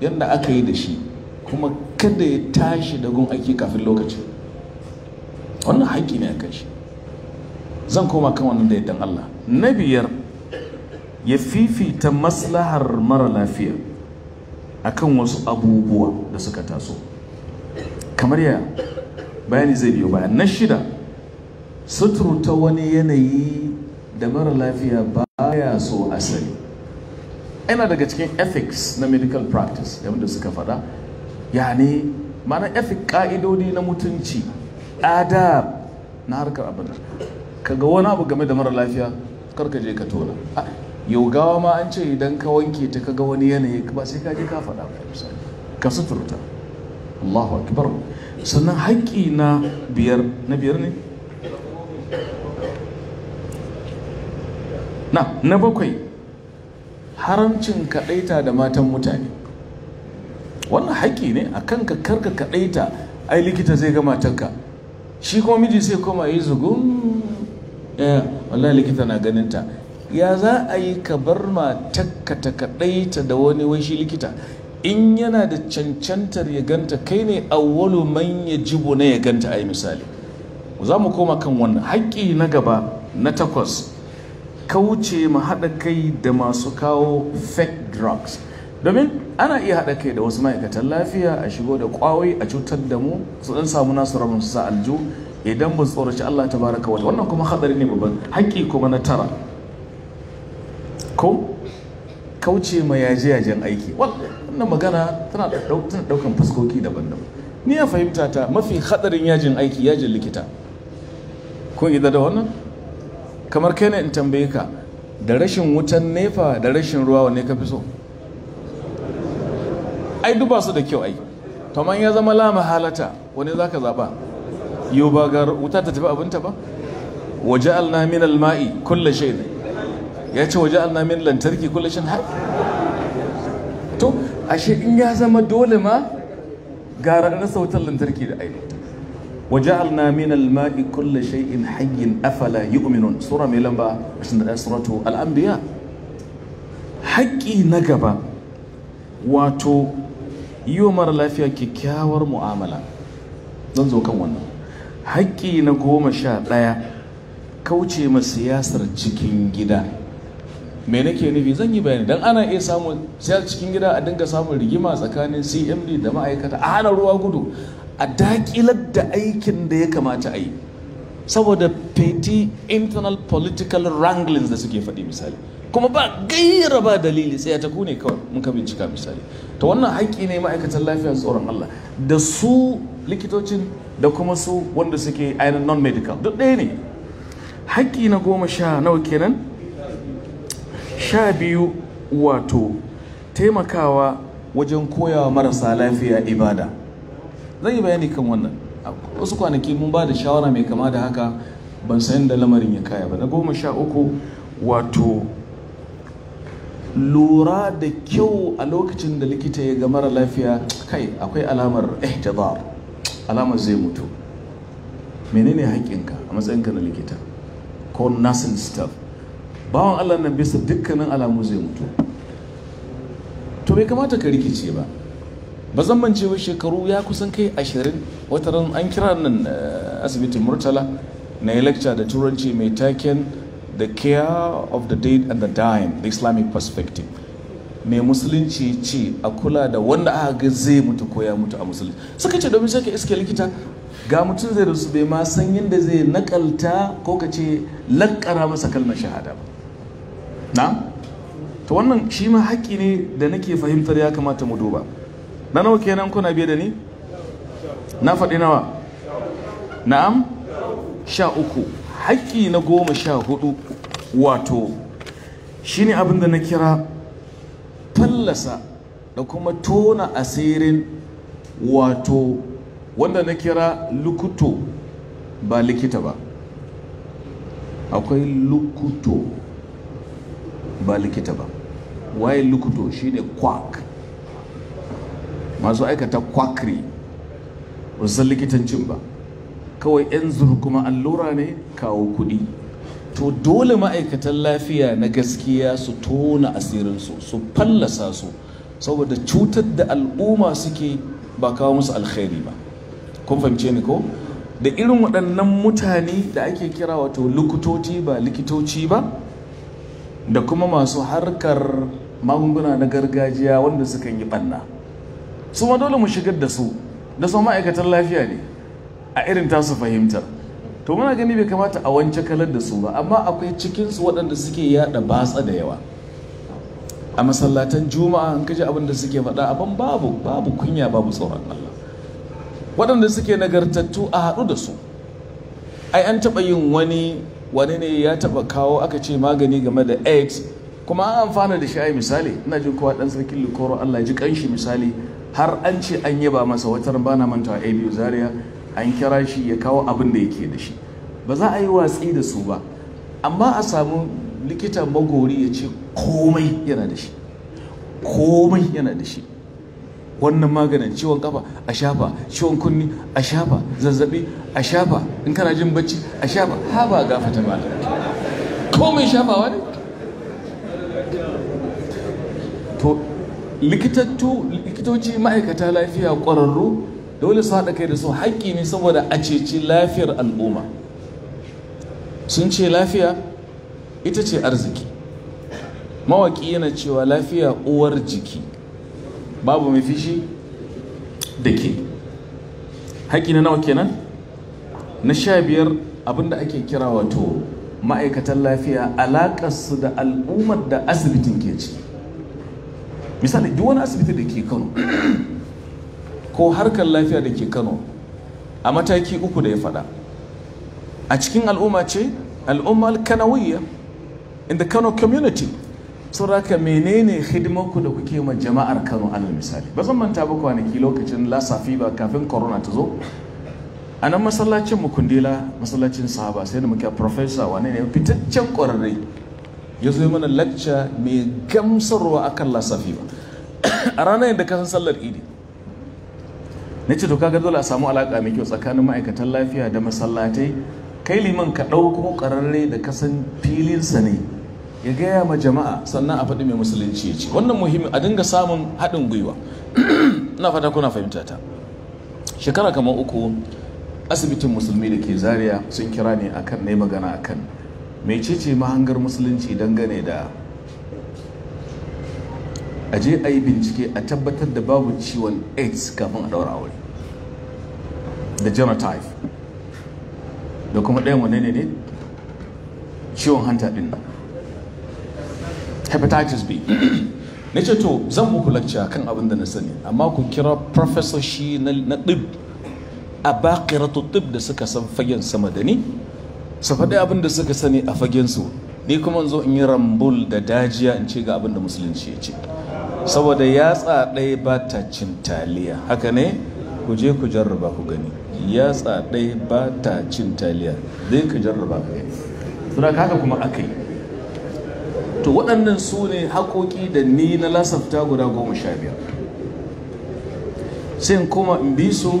yadda aka yi da shi kuma kada ya tashi da gun aiki kafin lokaci wannan haƙƙi ne a kan shi zan koma kan wannan da yadda Allah na biyar ya fifita maslahar mara lafiya akan wasu abubuwa da suka taso kamar ya bayani zai biyo baya na shida ta wani yanayi da mara lafiya baya so asali yana daga cikin ethics na medical practice yadda suka faɗa ne mana ethic ka'idodi na mutunci adab na harkar abin Ka ga wani abu game da mara lafiya karka je ka tona Yau gawa ma an ce idan ka wanke ta ka ga wani yanayi ba sai ka je ka faɗa ka suturta Allahu akbar sannan haƙƙi na biyar na biyar ne na na bakwai haramcin kaɗaita da matan mutane wannan haƙƙi ne a kanka karka kaɗaita ai likita zai ga matanka shi kuma miji sai koma yi zugun ya eh, wallahi likita na ganinta ya za a yi ka bar matakka ta kaɗaita da wani wai shi likita in yana da cancantar ya ganta kai ne awwalu man ya jibo na ya ganta ai misali za mu koma kan wannan haƙƙi na gaba na takwas kauce ma haɗa kai da masu kawo fake drugs domin ana iya haɗa kai da wasu ma'aikatan lafiya a shigo da ƙwawai a cutar da mu su ɗan samu nasu rabin su sa aljo idan ba su tsoraci Allah ta baraka wata wannan kuma haɗari ne babban haƙƙi kuma na tara ko kauce ma yaje-yajen aiki wannan magana tana ɗaukan fuskoki daban-daban ni ya fahimta ta mafi haɗarin yajin aiki yajin likita ko idan da wannan kamar kai ne in tambaye ka da rashin wutan nefa da rashin ruwa wanne ka fi so ai duba su da kyau ai to ya zama lama halata wani zaka zaba yau ba ga wuta ta tafi abinta ba waje min alma'i kulle shi ne ya ce waje min lantarki kulle shi har to ashe in ya zama dole ma gara na sautan lantarki da aini وجعلنا من الماء كل شيء حي افلا يؤمنون سوره ميلمبا سورة الأنبياء haƙƙi na gaba wato yiwa mara lafiya kyakkyawar mu'amala zan zo kan wannan haƙƙi na goma sha ɗaya kauce ma siyasar cikin gida me nake nufi zan yi bayani dan ana iya samun siyasar cikin gida a dinga samun rigima tsakanin cmd da ma'aikata a hana ruwa gudu a daƙilar da aikin da ya kamata a yi saboda petty internal political wranglings da suke faɗi misali kuma ba gaira ba dalili sai ta ku ne kawai mun ka bincika misali ta wannan haƙƙi ne ma'aikatan lafiya tsoron Allah da su likitocin da kuma su wanda suke ainihin non-medical duk ɗaya ne haƙƙi na goma sha nawa kenan sha biyu wato taimakawa wajen koyawa marasa lafiya ibada zan yi bayani kan wannan wasu kwanaki mun ba da shawara mai kama da haka ban san da lamarin ya kaya ba na goma sha uku wato lura da kyau a lokacin da likita ya ga mara lafiya kai akwai alamar ihtidar alamar zai mutu menene haƙƙinka a matsayinka na likita ko nursing staff bawan allah na bisa dukkanin alamu zai mutu to bai kamata ka rikice ba ba zan mance ba shekaru ya kusan kai ashirin wata ran an kira nan eh, asibitin murtala na yi lecture da turanci mai taken the care of the dead and the dying the islamic perspective mai musulunci ce a kula da wanda aka ga zai mutu ko ya mutu a musulunci suka ce domin sai iske likita ga mutum zai rasu bai ma san yadda zai nakalta ko ka ce lakkara masa kalmar shahada ba na to wannan shi ma haƙƙi ne da nake fahimtar ya kamata mu duba na nawa kenan kuna biye da ni na faɗi nawa na'am sha uku haƙƙi na goma sha hudu wato shine abin da na kira fallasa da kuma tona asirin wato wanda na kira lukuto ba likita ba akwai lukuto ba likita ba waye lukuto shine kwak masu aikata kwakri ba san likitancin ba kawai 'yan kuma allura ne kawo kuɗi to dole ma'aikatan lafiya na gaskiya su tona asirinsu su fallasa su saboda cutar da al'umma suke ba kawo musu alkhairi ba kun fahimce ni ko da irin waɗannan mutane da ake kira wato lukutoci ba likitoci ba da kuma masu harkar magunguna na gargajiya wanda sukan yi ɓanna su ma dole mu shigar da su da su ma'aikatan lafiya ne a irin ta su fahimtar to muna gani bai kamata a wance kalar da su ba amma akwai cikinsu waɗanda suke yada batsa da yawa a masallatan juma'a an kaji abin da suke faɗa abin babu babu kunya babu tsoron Allah waɗanda suke nagartattu a haɗu da su ai an taɓa yin wani wani ne ya taɓa kawo aka ce magani game da aids kuma an amfana da shi a misali ina jin kowa dan sarkin likoro Allah ji kanshi misali har an ce an yaba masa watar bana mantawa a biyu zaria an kira shi ya kawo abin da yake da shi ba za a yi watsi da su ba amma a samu likitan magori ya ce komai yana da shi komai yana da shi wannan maganin ciwon kafa a shafa ciwon kunni a shafa zazzabi a shafa in kana jin bacci a shafa ha ba gafata ba komai shafawa ne to likitoci ma'aikata lafiya ƙwararru dole su haɗa kai da su haƙƙi ne saboda a ceci lafiyar al'umma sun ce lafiya ita ce arziki mawaƙi yana cewa lafiya uwar jiki babu mai fishi da ke haƙƙi na nawa kenan na sha biyar abinda ake kira wato ma'aikatan lafiya alaƙarsu da al'ummar da asibitin ke ciki misali duk wani asibiti da ke kano *clears throat* ko harkar lafiya da ke kano a mataki uku da ya faɗa a cikin al'umma ce al'umma alkanawiyya in the kano community raka menene hidimarku da kuke ma jama'ar kano alal misali ba zan manta ba kwanaki lokacin lasafi ba kafin korona ta zo a nan masallacin mukundila masallacin sahaba sai da muke professor wane ne fitaccen ƙwararre ya zo mana lacca mai gamsarwa akan lasafi ba a ranar da kasan sallar idi na ce to kaga dole a samu alaƙa mai kyau tsakanin ma'aikatan lafiya da masallatai kai liman ka ɗauko ƙararre da kasan filinsa ne ya gaya ma jama'a sannan a faɗi mai musulunci ya ce wannan muhimmi a dinga samun haɗin gwiwa *clears throat* na fata kuna fahimta ta shekara kamar uku asibitin musulmi da ke zaria sun kira ne akan na magana akan mecece mahangar musulunci dangane da a je a yi bincike a tabbatar da babu ciwon aids kafin a daura aure da genotype da kuma ɗayan wane ne ne ciwon hanta ɗin nan hepatitis b *clears throat* na ce to zan muku lakca kan abin da na sani amma ku kira professor shi na ɗib a bakiratu ɗib da suka san fagen sama da ni su faɗi abin da suka sani a fagensu ni kuma zo in yi rambul da dajiya in ce ga abin da musulunci ya ce saboda yatsa ɗaya ba ta cin taliya haka ne ku je ku jarraba ku gani yatsa ɗaya ba ta cin taliya zai ka jarraba ku gani suna kaka kuma aka yi to waɗannan su ne haƙoƙi da ni na lasafta guda goma sha biyar sai kuma in bi su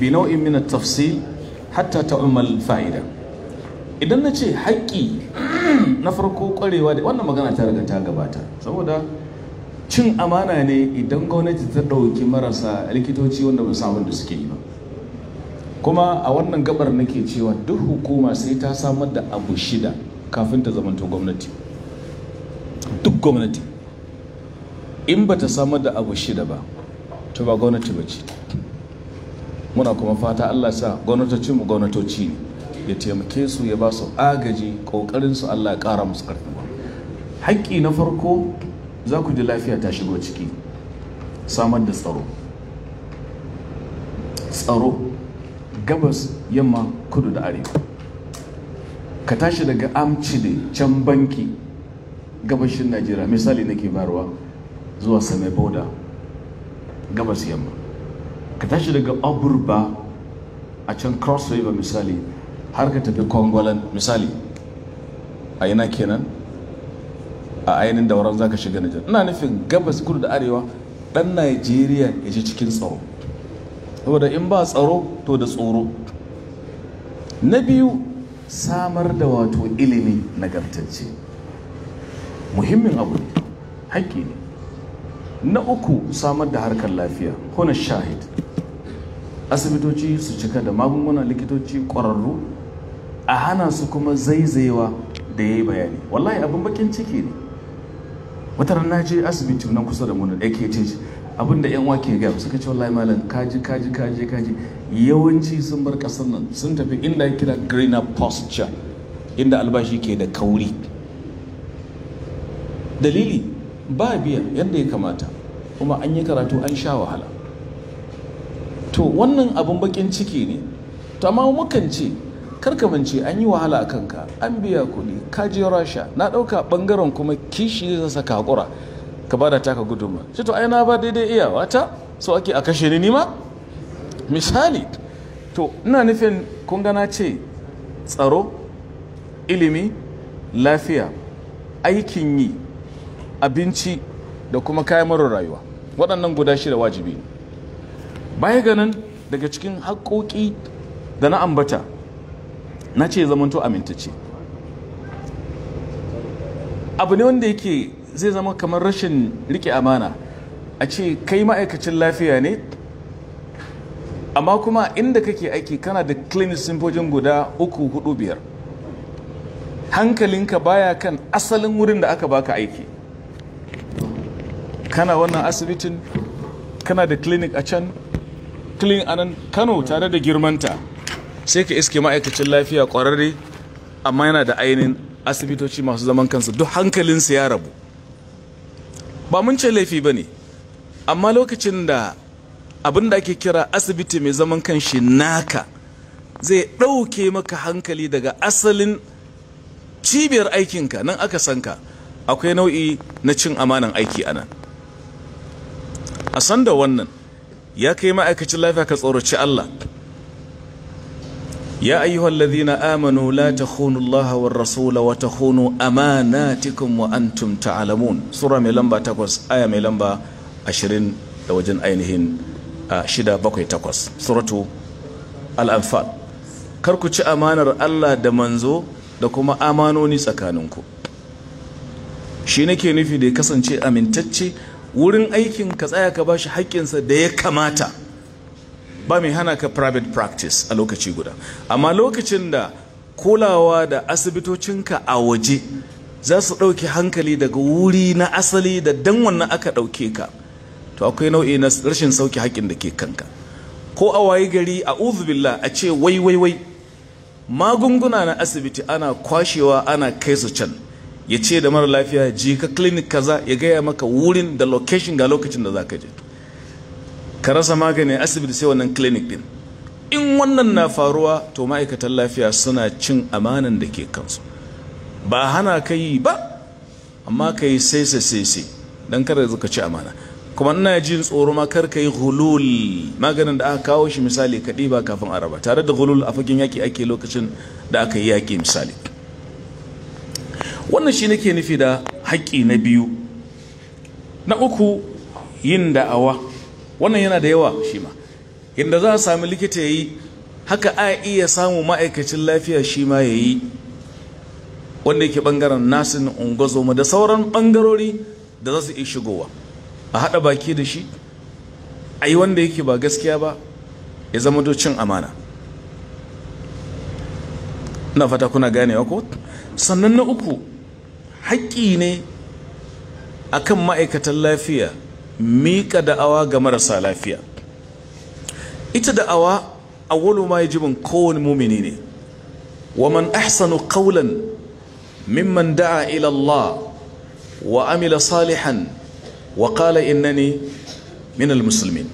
bi nau'in mina tafsil hatta ta umar fa'ida idan na ce haƙƙi *clears throat* na farko ƙwarewa da wannan magana ta riga ta gabata saboda cin amana ne idan gwamnati ta ɗauki marasa likitoci wanda ba samun da suke yi ba kuma a wannan gabar nake cewa duk hukuma sai ta samar da abu shida kafin ta zamanto gwamnati duk gwamnati in ba ta samar da abu shida ba to ba gwamnati ba ce muna kuma fata allah sa mu gwamnatoci ne ya taimake su ya ba su agaji ƙoƙarin su Allah ƙara musu ƙarfi haƙƙi na farko za ku ji lafiya ta shigo ciki samar da tsaro tsaro gabas yamma kudu da arewa ka tashi daga amci da can banki gabashin najeriya misali nake barwa zuwa same boda gabas yamma ka tashi daga aburba a can cross river misali har ka tafi kongolan misali a yana kenan a ainihin dauran za ka shiga nijar ina nufin gabas kudu da arewa dan najeriya ya ji cikin tsaro saboda in ba tsaro to da tsoro na biyu samar da wato ilimi nagartacce muhimmin abu ne haƙƙi ne na uku samar da harkar lafiya Kuna shahid asibitoci su cika da magunguna, likitoci ƙwararru a hana su kuma zaizayewa da ya yi bayani wallahi abin bakin ciki ne wata rana je asibiti nan kusa da mu na abinda abin da yan wake ga suka ce wallahi malam kaji kaji kaji kaji yawanci sun bar kasar nan sun tafi inda ya kira greener posture inda albashi ke da kauri dalili ba biya yadda ya kamata kuma an yi karatu an sha wahala to wannan abin bakin ciki ne to amma mukan ce karka mance an yi wahala a kanka an biya kuɗi ka je rasha na ɗauka ɓangaren kuma kishi zai saka haƙura ka bada da taka gudunma shi to aina ba daidai iyawata wata so ake a kashe ni nima misali to ina nufin kun gana ce tsaro ilimi lafiya aikin yi abinci da kuma kayan mara rayuwa waɗannan guda shi da wajibi baya ganin daga cikin haƙoƙi da na ambata na ce zamanto amintacce abu ne wanda yake zai zama kamar rashin rike amana a ce kai ma'aikacin lafiya ne amma kuma inda kake aiki kana da clinic simfojin guda uku hudu biyar hankalinka baya kan asalin wurin da aka baka aiki kana wannan asibitin kana da clinic a can clinic anan kano tare da girmanta sai ka iske ma'aikacin lafiya ƙwararre amma yana da ainihin asibitoci masu zaman kansa duk hankalinsa ya rabu ba mun ce laifi ba ne amma lokacin da abin da ake kira asibiti mai zaman kanshi naka zai ɗauke maka hankali daga asalin cibiyar aikinka nan aka san ka akwai nau'i na cin amanan aiki anan a sanda wannan ya kai ma'aikacin lafiya ka tsoraci Allah Ya ayyi walladi na Amanu la ta kunun Laha wa Rasulila wata kunu amana tukun sura alamun. Suro mai lamba takwas aya mai lamba ashirin da wajen ainihin a shida bakwai takwas Kar ku ci amanar Allah da manzo da kuma amanoni tsakanin ku Shi nake nufi da ya kasance amintacce wurin aikin ka tsaya ka ba shi haƙƙinsa da ya kamata. ba mai hana ka private practice a lokaci guda amma lokacin da kulawa da asibitocinka a waje za su ɗauki hankali daga wuri na asali da dan wannan aka ɗauke ka to akwai nau'i na rashin sauki haƙƙin da ke kanka ko a wayi gari a uzubillah a ce wai wai wai magunguna na asibiti ana kwashewa ana kai su can ya ce da mara lafiya je ka clinic kaza ya gaya maka wurin da location ga lokacin da za ka je ka rasa magani asibiti sai wannan clinic din in wannan na faruwa to ma'aikatan lafiya suna cin amanan da ke kansu ba hana ka yi ba amma ka yi sai sai sai don kada zuka ci amana kuma ina jin tsoro ma kar ka yi hulul maganin da aka kawo shi misali ka ba kafin araba tare da hulul a fagen yaƙi ake lokacin da aka yi yaƙi misali wannan shi nake nufi da haƙƙi na biyu na uku yin da'awa wannan yana da yawa shi ma inda za a sami likita ya yi haka a iya samun ma'aikacin lafiya shi ma ya yi wanda yake bangaren nasin ungozoma da sauran ɓangarori da za su iya shigowa a haɗa baki da shi a yi wanda yake ba gaskiya ba ya zama cin amana na fata kuna ganewa ko sannan na uku haƙƙi ne akan ma'aikatan lafiya miƙa da'awa ga marasa lafiya ita da'awa wani ma yajibun kowane mumini ne wa man ahsanu qawlan mimman da'a ila Allah wa amila salihan wa qala innani min almuslimin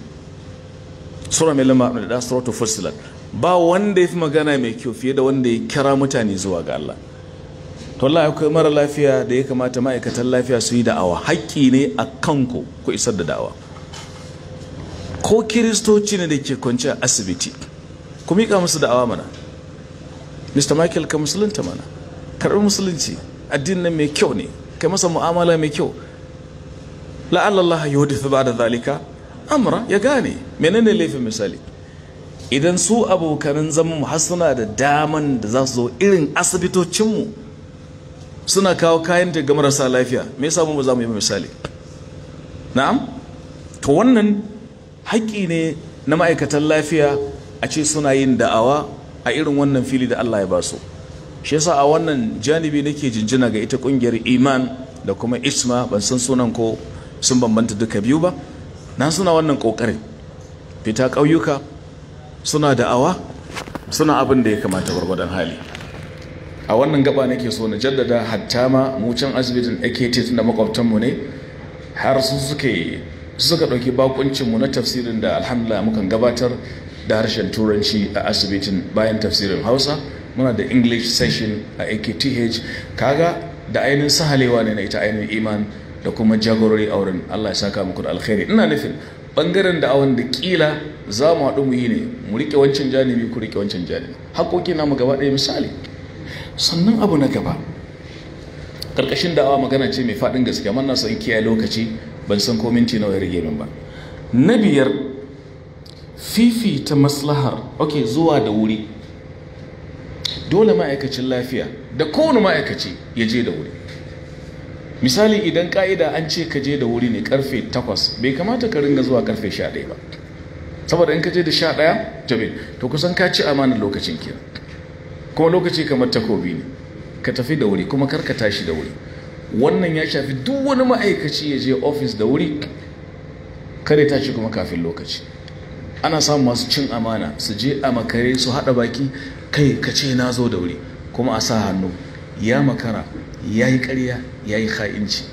sura mai da ba wanda ya fi magana mai kyau fiye da wanda ya kira mutane zuwa ga Allah to Allah akwai mara lafiya da ya kamata ma'aikatan lafiya su yi da'awa haƙƙi ne a kanku ku isar da da'awa ko kiristoci ne da ke kwanci a asibiti ku miƙa musu da'awa mana mr michael ka musulunta mana karɓi musulunci addinin nan mai kyau ne kai masa mu'amala mai kyau la'allallah ya hudu ba da zalika amra ya gane menene laifin misali idan su abokanan zama mu har da daman da za su zo irin asibitocinmu suna kawo kayan ga marasa lafiya me samun mu za mu yi misali na'am to wannan haƙƙi ne na ma'aikatan lafiya a ce suna yin da'awa a irin wannan fili da Allah ya ba su shi yasa a wannan janibi nake jinjina ga ita ƙungiyar iman da kuma isma ban san sunan ko sun bambanta duka biyu ba na suna wannan ƙoƙarin fita ƙauyuka suna da'awa suna abin da ya kamata gwargwadon hali a wannan gaba nake so na jaddada hatta ma mu can asibitin AKT tunda makwabtan mu ne har su suke suka ɗauki bakuncin mu na tafsirin da alhamdulillah mukan gabatar da harshen turanci a asibitin bayan tafsirin Hausa muna da English session a AKTH kaga da ainihin sahalewa ne na ita ainihin iman da kuma jagorori a wurin Allah ya saka muku da alkhairi ina nufin bangaren da awon da kila za mu haɗu mu yi ne mu riƙe wancan janibi ku riƙe wancan janibi haƙoƙi mu gaba ɗaya misali sannan abu na gaba ƙarƙashin da'awa magana ce mai faɗin gaske amma na san kiyaye lokaci ban san ko minti nawa ya rage min ba na biyar fifita maslahar ok zuwa da wuri dole ma'aikacin lafiya da kowane ma'aikaci ya je da wuri misali idan ka'ida an ce ka je da wuri ne karfe 8 bai kamata ka ringa zuwa karfe 11 ba saboda in ka je da 11 jabin to kusan ka ci amana lokacin kira kuma lokaci kamar takobi ne ka tafi da wuri kuma karka tashi da wuri wannan ya shafi duk wani ma'aikaci ya je ofis da wuri kare tashi kuma kafin lokaci ana samun masu cin amana su je a makare su haɗa baki kai ka ce na zo da wuri kuma a sa hannu ya makara ya yi ƙarya ya yi ha'inci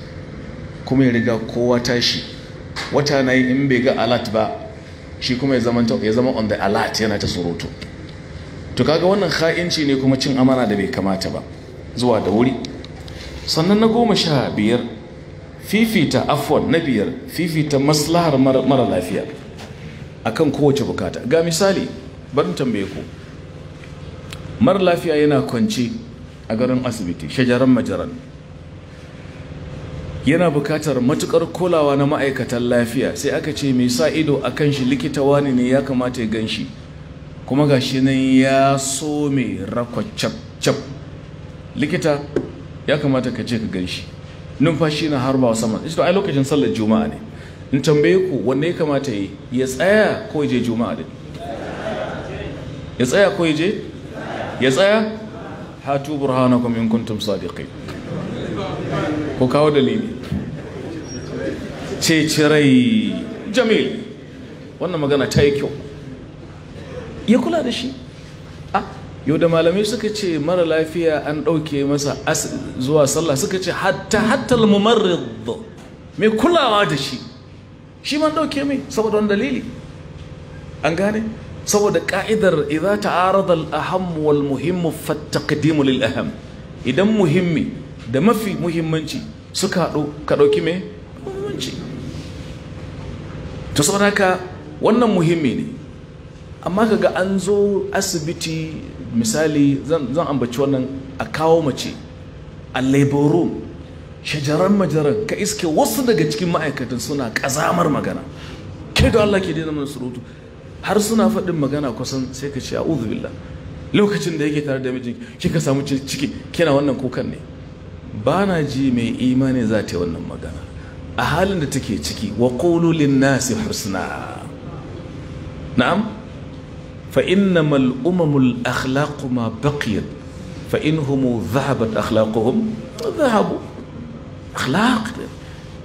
kuma ya riga kowa tashi wata na yi in bai ga alat ba shi kuma ya zama on the alert yana ta surutu to kaga wannan kha'inci ne kuma cin amana da bai kamata ba zuwa da wuri sannan na goma sha biyar fifita afon na biyar fifita maslahar mara lafiya a kan kowace bukata ga misali bari tambaye ku mara lafiya yana kwanci a garin asibiti shajaran majaran yana bukatar matukar kulawa na ma'aikatan lafiya sai aka ce mai sa ido a kan shi likita wani ne ya kamata ya gan shi kuma ga shi nan ya so mai rakwa cap cap likita ya kamata ka ce ka gan shi numfashi na harba sama ita ai lokacin sallar juma'a ne in tambaye ku wanne ya kamata yi ya tsaya ko ya je juma'a din ya tsaya ko ya je ya tsaya hatu burhanakum in kuntum sadiqin ko kawo dalili ce rai. jamil wannan magana ta yi kyau ya kula da shi yau da malamai suka ce mara lafiya an ɗauke masa zuwa sallah suka ce hatta hatta mumarrid mai kulawa da shi shi man ɗauke mai saboda wani dalili an gane saboda ka'idar idza ta'arada al-aham wal muhimmu fattaqdimu lil aham idan muhimmi da mafi muhimmanci suka haɗu ka ɗauki mai muhimmanci to saboda haka wannan muhimmi ne amma kaga an zo asibiti misali zan ambaci wannan a kawo mace a labor room shajaran majaran ka iske wasu daga cikin ma'aikatan suna kazamar magana kai da Allah ke daina mana surutu har suna faɗin magana kusan sai ka ce a billah lokacin da yake tare da mijin kika samu ciki kina wannan kukan ne ba na ji mai imani za ta yi wannan magana a halin da take ciki wa qulu nasi husna na'am Fa فإنما الأمم الأخلاق ما بقيت فإنهم ذهبت أخلاقهم ذهبوا أخلاق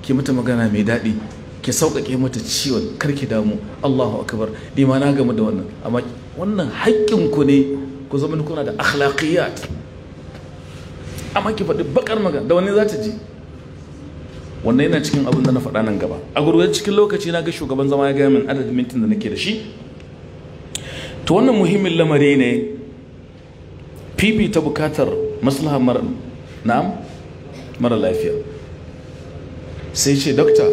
ki mata magana mai daɗi ki sauƙaƙe mata ciwon karki damu Allahu akbar ni ma na gamu da wannan amma wannan haƙƙin ku ne ku zama kuna da akhlaqiyat amma ki faɗi bakar magana da wani za ta ji wannan yana cikin abin da na faɗa nan gaba a gurgurdan cikin lokaci na ga shugaban zama ya gaya min adadin mintin da nake da shi to wannan muhimmin lamari ne ta bukatar maslaha mara na'am mara lafiya sai ce dokta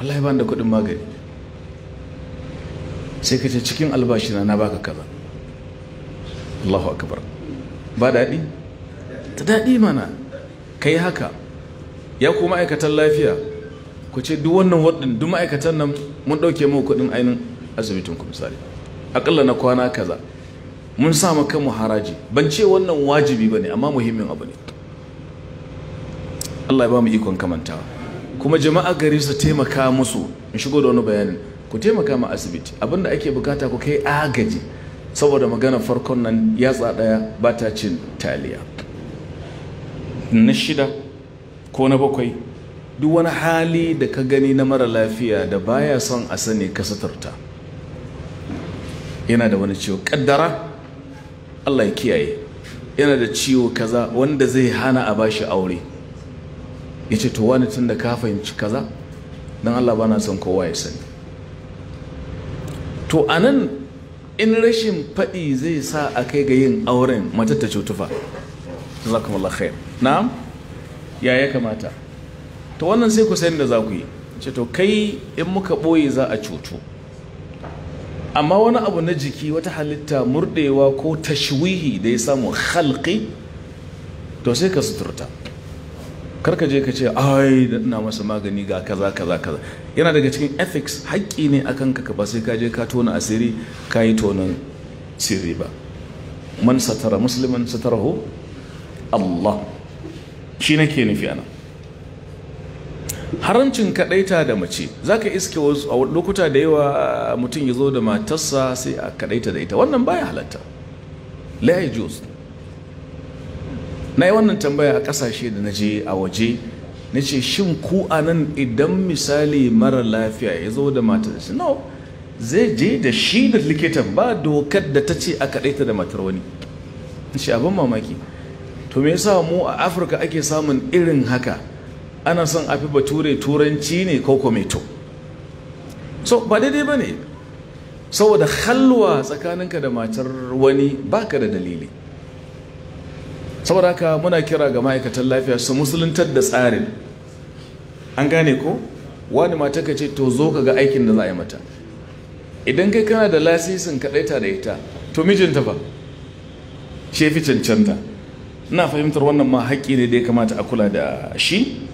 wallahi ban da kudin magani sai ka ce cikin albashina na baka kaza Allahu akbar ba daɗi ta daɗi mana ka yi haka ya kuma ma'aikatan lafiya ku ce duk wannan waɗin duk ma'aikatan nan mun ɗauke mu kuɗin ainihin asibitin ku misali akalla na kwana kaza mun sa mu kanmu haraji ban ce wannan wajibi ba ne amma muhimmin abu ne Allah ya ba mu ikon kamantawa kuma jama'a gari su taimaka musu in shigo da wani bayanin ku taimaka ma asibiti abinda ake bukata ku kai agaji saboda magana farkon nan yatsa daya ba ta cin taliya na shida ko na bakwai duk wani hali da ka gani na mara lafiya da baya son a sani ka suturta yana da wani ciwo kaddara Allah ya kiyaye yana da ciwo kaza wanda zai hana a bashi aure yace to wani tunda ka fahimci kaza dan Allah bana son kowa ya sani to anan in rashin faɗi zai sa a kai ga yin auren matar ta cutufa jazakumullah khair na'am ya ya kamata to wannan sai ku sani da za ku yi ce to kai in muka ɓoye za a cutu amma wani abu na jiki wata halitta murdewa ko tashwihi da ya samu halki to sai ka suturta karka je ka ce ai ina masa magani ga kaza kaza kaza yana daga cikin ethics haƙƙi ne a kanka ka ba sai ka je ka tona asiri ka yi tonon sirri ba man satara musliman satarahu Allah shi nake nufi anan haramcin kadaita da mace za ka iske wasu a lokuta da yawa mutum ya zo da matarsa sai a kadaita da ita wannan baya halatta la na yi wannan tambaya a kasashe da na je a waje na ce shin ku a nan idan misali mara lafiya ya zo da matarsa no zai je da shi da likitan ba dokar da ta ce a kadaita da matar wani shi abin mamaki to me yasa mu a afirka ake samun irin haka ana son afi fi ture turanci ne ko kometo so ba daidai ba ne saboda halwa tsakaninka da matar wani baka da dalili saboda haka muna kira ga ma'aikatan lafiya su musuluntar da tsarin an gane ko wani mata ka ce to zo ka ga aikin da za a yi mata idan kai kana da lasisin kaɗaita da ita to mijinta ba shefi cancanta na fahimtar wannan ma haƙƙi ne da ya kamata a kula da shi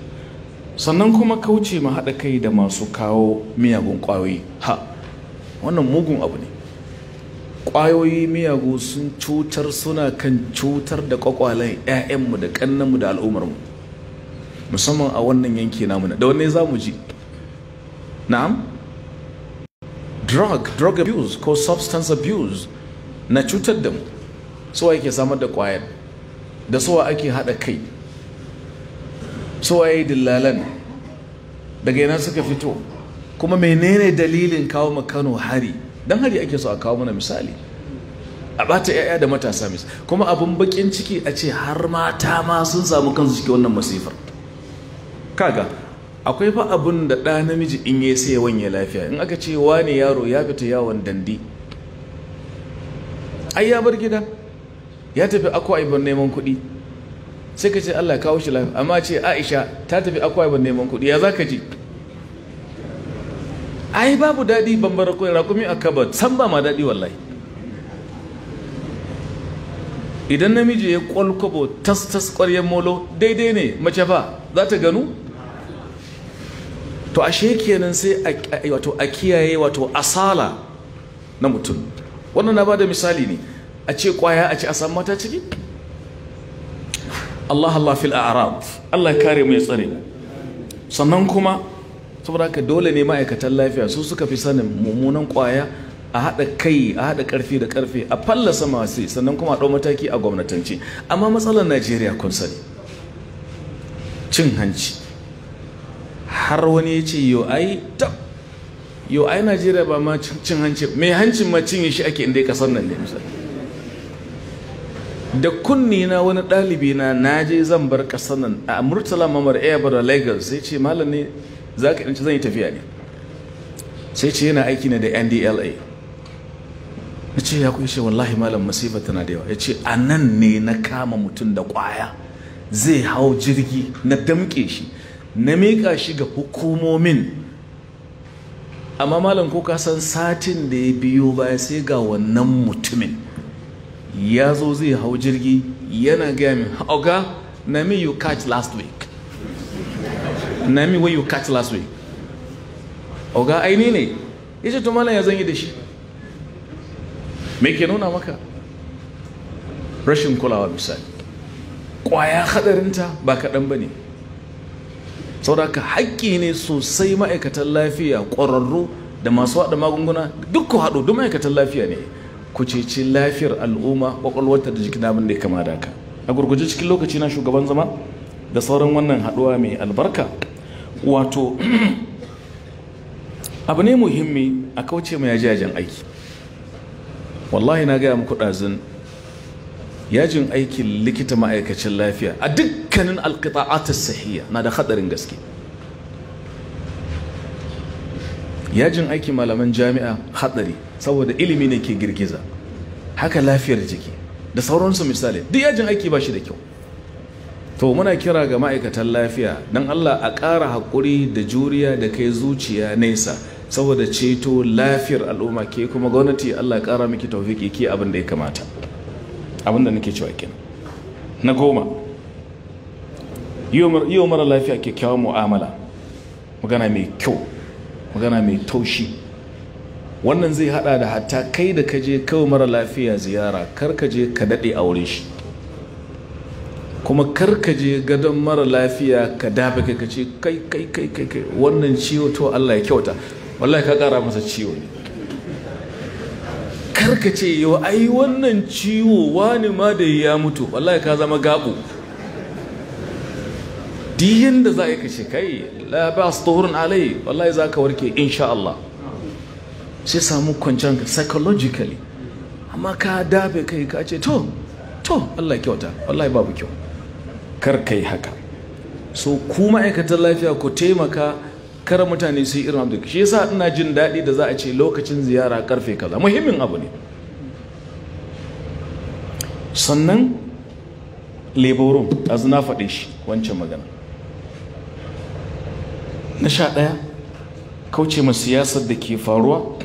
sannan kuma kauce ma haɗa kai da masu kawo miyagun ƙwayoyi ha wannan mugun abu ne ƙwayoyi miyagu sun cutar suna kan cutar da ƙwaƙwalen 'ya'yanmu da ƙannanmu da al'ummarmu musamman a wannan yanki namu da wanne za mu ji na'am drug drug abuse ko substance abuse na cutar da mu suwa yake samar da ƙwayar da suwa ake haɗa kai suwaye dillalan daga yana suka fito kuma menene dalilin kawo ma kano hari don hari ake so a kawo mana misali a bata yaya da matasa mis kuma abin bakin ciki a ce har mata ma sun samu kansu cikin wannan masifar kaga akwai fa abin da ɗa namiji in ya sai ya lafiya in aka ce wani yaro ya fita yawon dandi ai ya bar gida ya tafi akwai neman kuɗi sai ka ce Allah ya kawo shi lafiya amma ce Aisha ta tafi akwai ba neman kuɗi ya ka ji ai babu daɗi bambara koya, rakumi a kabar san ba ma daɗi wallahi idan namiji ya kwalkwabo tas tas ƙwaryen molo daidai ne mace fa za ta ganu to ashe kenan sai a kiyaye wato asala na mutum wannan na ba da misali ne a ce kwaya a ce a samu mata ciki Allah Allah fil a'rab Allah ya kare mu ya tsare mu sannan kuma saboda haka dole ne ma'aikatan lafiya su suka fi sanin mummunan kwaya a haɗa kai a haɗa ƙarfi da ƙarfe a fallasa masu sannan kuma a ɗau mataki a gwamnatance amma matsalar Najeriya kun sani cin hanci har wani ya ce yo ai ta yo ai Najeriya ba ma cin hanci mai hancin ma cinye shi ake inda ya kasar nan ne misali da kunni na wani ɗalibi na na je zan bar ƙasar nan a murtala mamar airbar lagos sai ce malam ne za ka zan yi tafiya ne sai ce yana aiki ne da ndla na ce ya kunshe wallahi malam masifa tana da yawa ya ce a nan ne na kama mutum da kwaya zai hau jirgi na damƙe shi na miƙa shi ga hukumomin amma malam ko ka satin da ya biyo baya sai ga wannan mutumin ya zo zai hau jirgi yana gaya min oga na me you catch last week na me where you catch last week oga aini ne ya ce tumala ya zan yi da shi me ke nuna maka rashin kulawa misali kwaya hadarinta ba kaɗan ba ne sauraka haƙƙi ne sosai ma'aikatan lafiya ƙwararru da masu haɗa magunguna duk ku haɗu duk ma'aikatan lafiya ne ku lafiyar al'umma kwakwalwarta da jikin abin da ya kama da ka a gurguje cikin lokaci na shugaban zama da sauran wannan haɗuwa mai albarka wato *clears throat* abu ne muhimmi a kauce mai yajajin aiki wallahi na gaya muku ɗazin yajin aikin likita ma'aikacin lafiya a dukkanin alkita'atar sahiya na da haɗarin gaske yajin aikin malaman jami'a hatsari saboda ilimi ne ke girgiza haka lafiyar jiki da sauransu misali duk yajin aiki ba shi da kyau to muna kira ga ma'aikatan lafiya don allah a ƙara haƙuri da juriya da kai zuciya nesa saboda ceto lafiyar al'umma ke kuma gwamnati allah ƙara miki taufiki ke abin da ya kamata abin da nake cewa kin na goma yi wa mara lafiya kyakkyawan mu'amala magana mai kyau magana mai taushi wannan zai hada da hatta kai da kaje kawai mara lafiya ziyara kar ka je ka daɗe a wurin shi kuma kar ka je gadon mara lafiya ka dafa kai ka ce kai kai kai kai wannan ciwo to Allah ya kyauta wallahi ka ƙara masa ciwo ne kar ka ce yau ai wannan ciwo wani ma da ya mutu wallahi ka zama gaɓo diyin da za a yi ka kai la ba su tohurin alai wallahi za ka warke insha Allah sai samu kwanciyar psychologically amma ka dabe kai ka ce to to Allah kyauta wallahi babu kyau kar kai haka so ku ma'aikatan lafiya ku taimaka kar mutane su irin abu shi yasa ina jin daɗi da za a ce lokacin ziyara karfe kaza muhimmin abu ne sannan labor room na faɗe shi wancan magana na sha ɗaya kauce ma siyasar da ke faruwa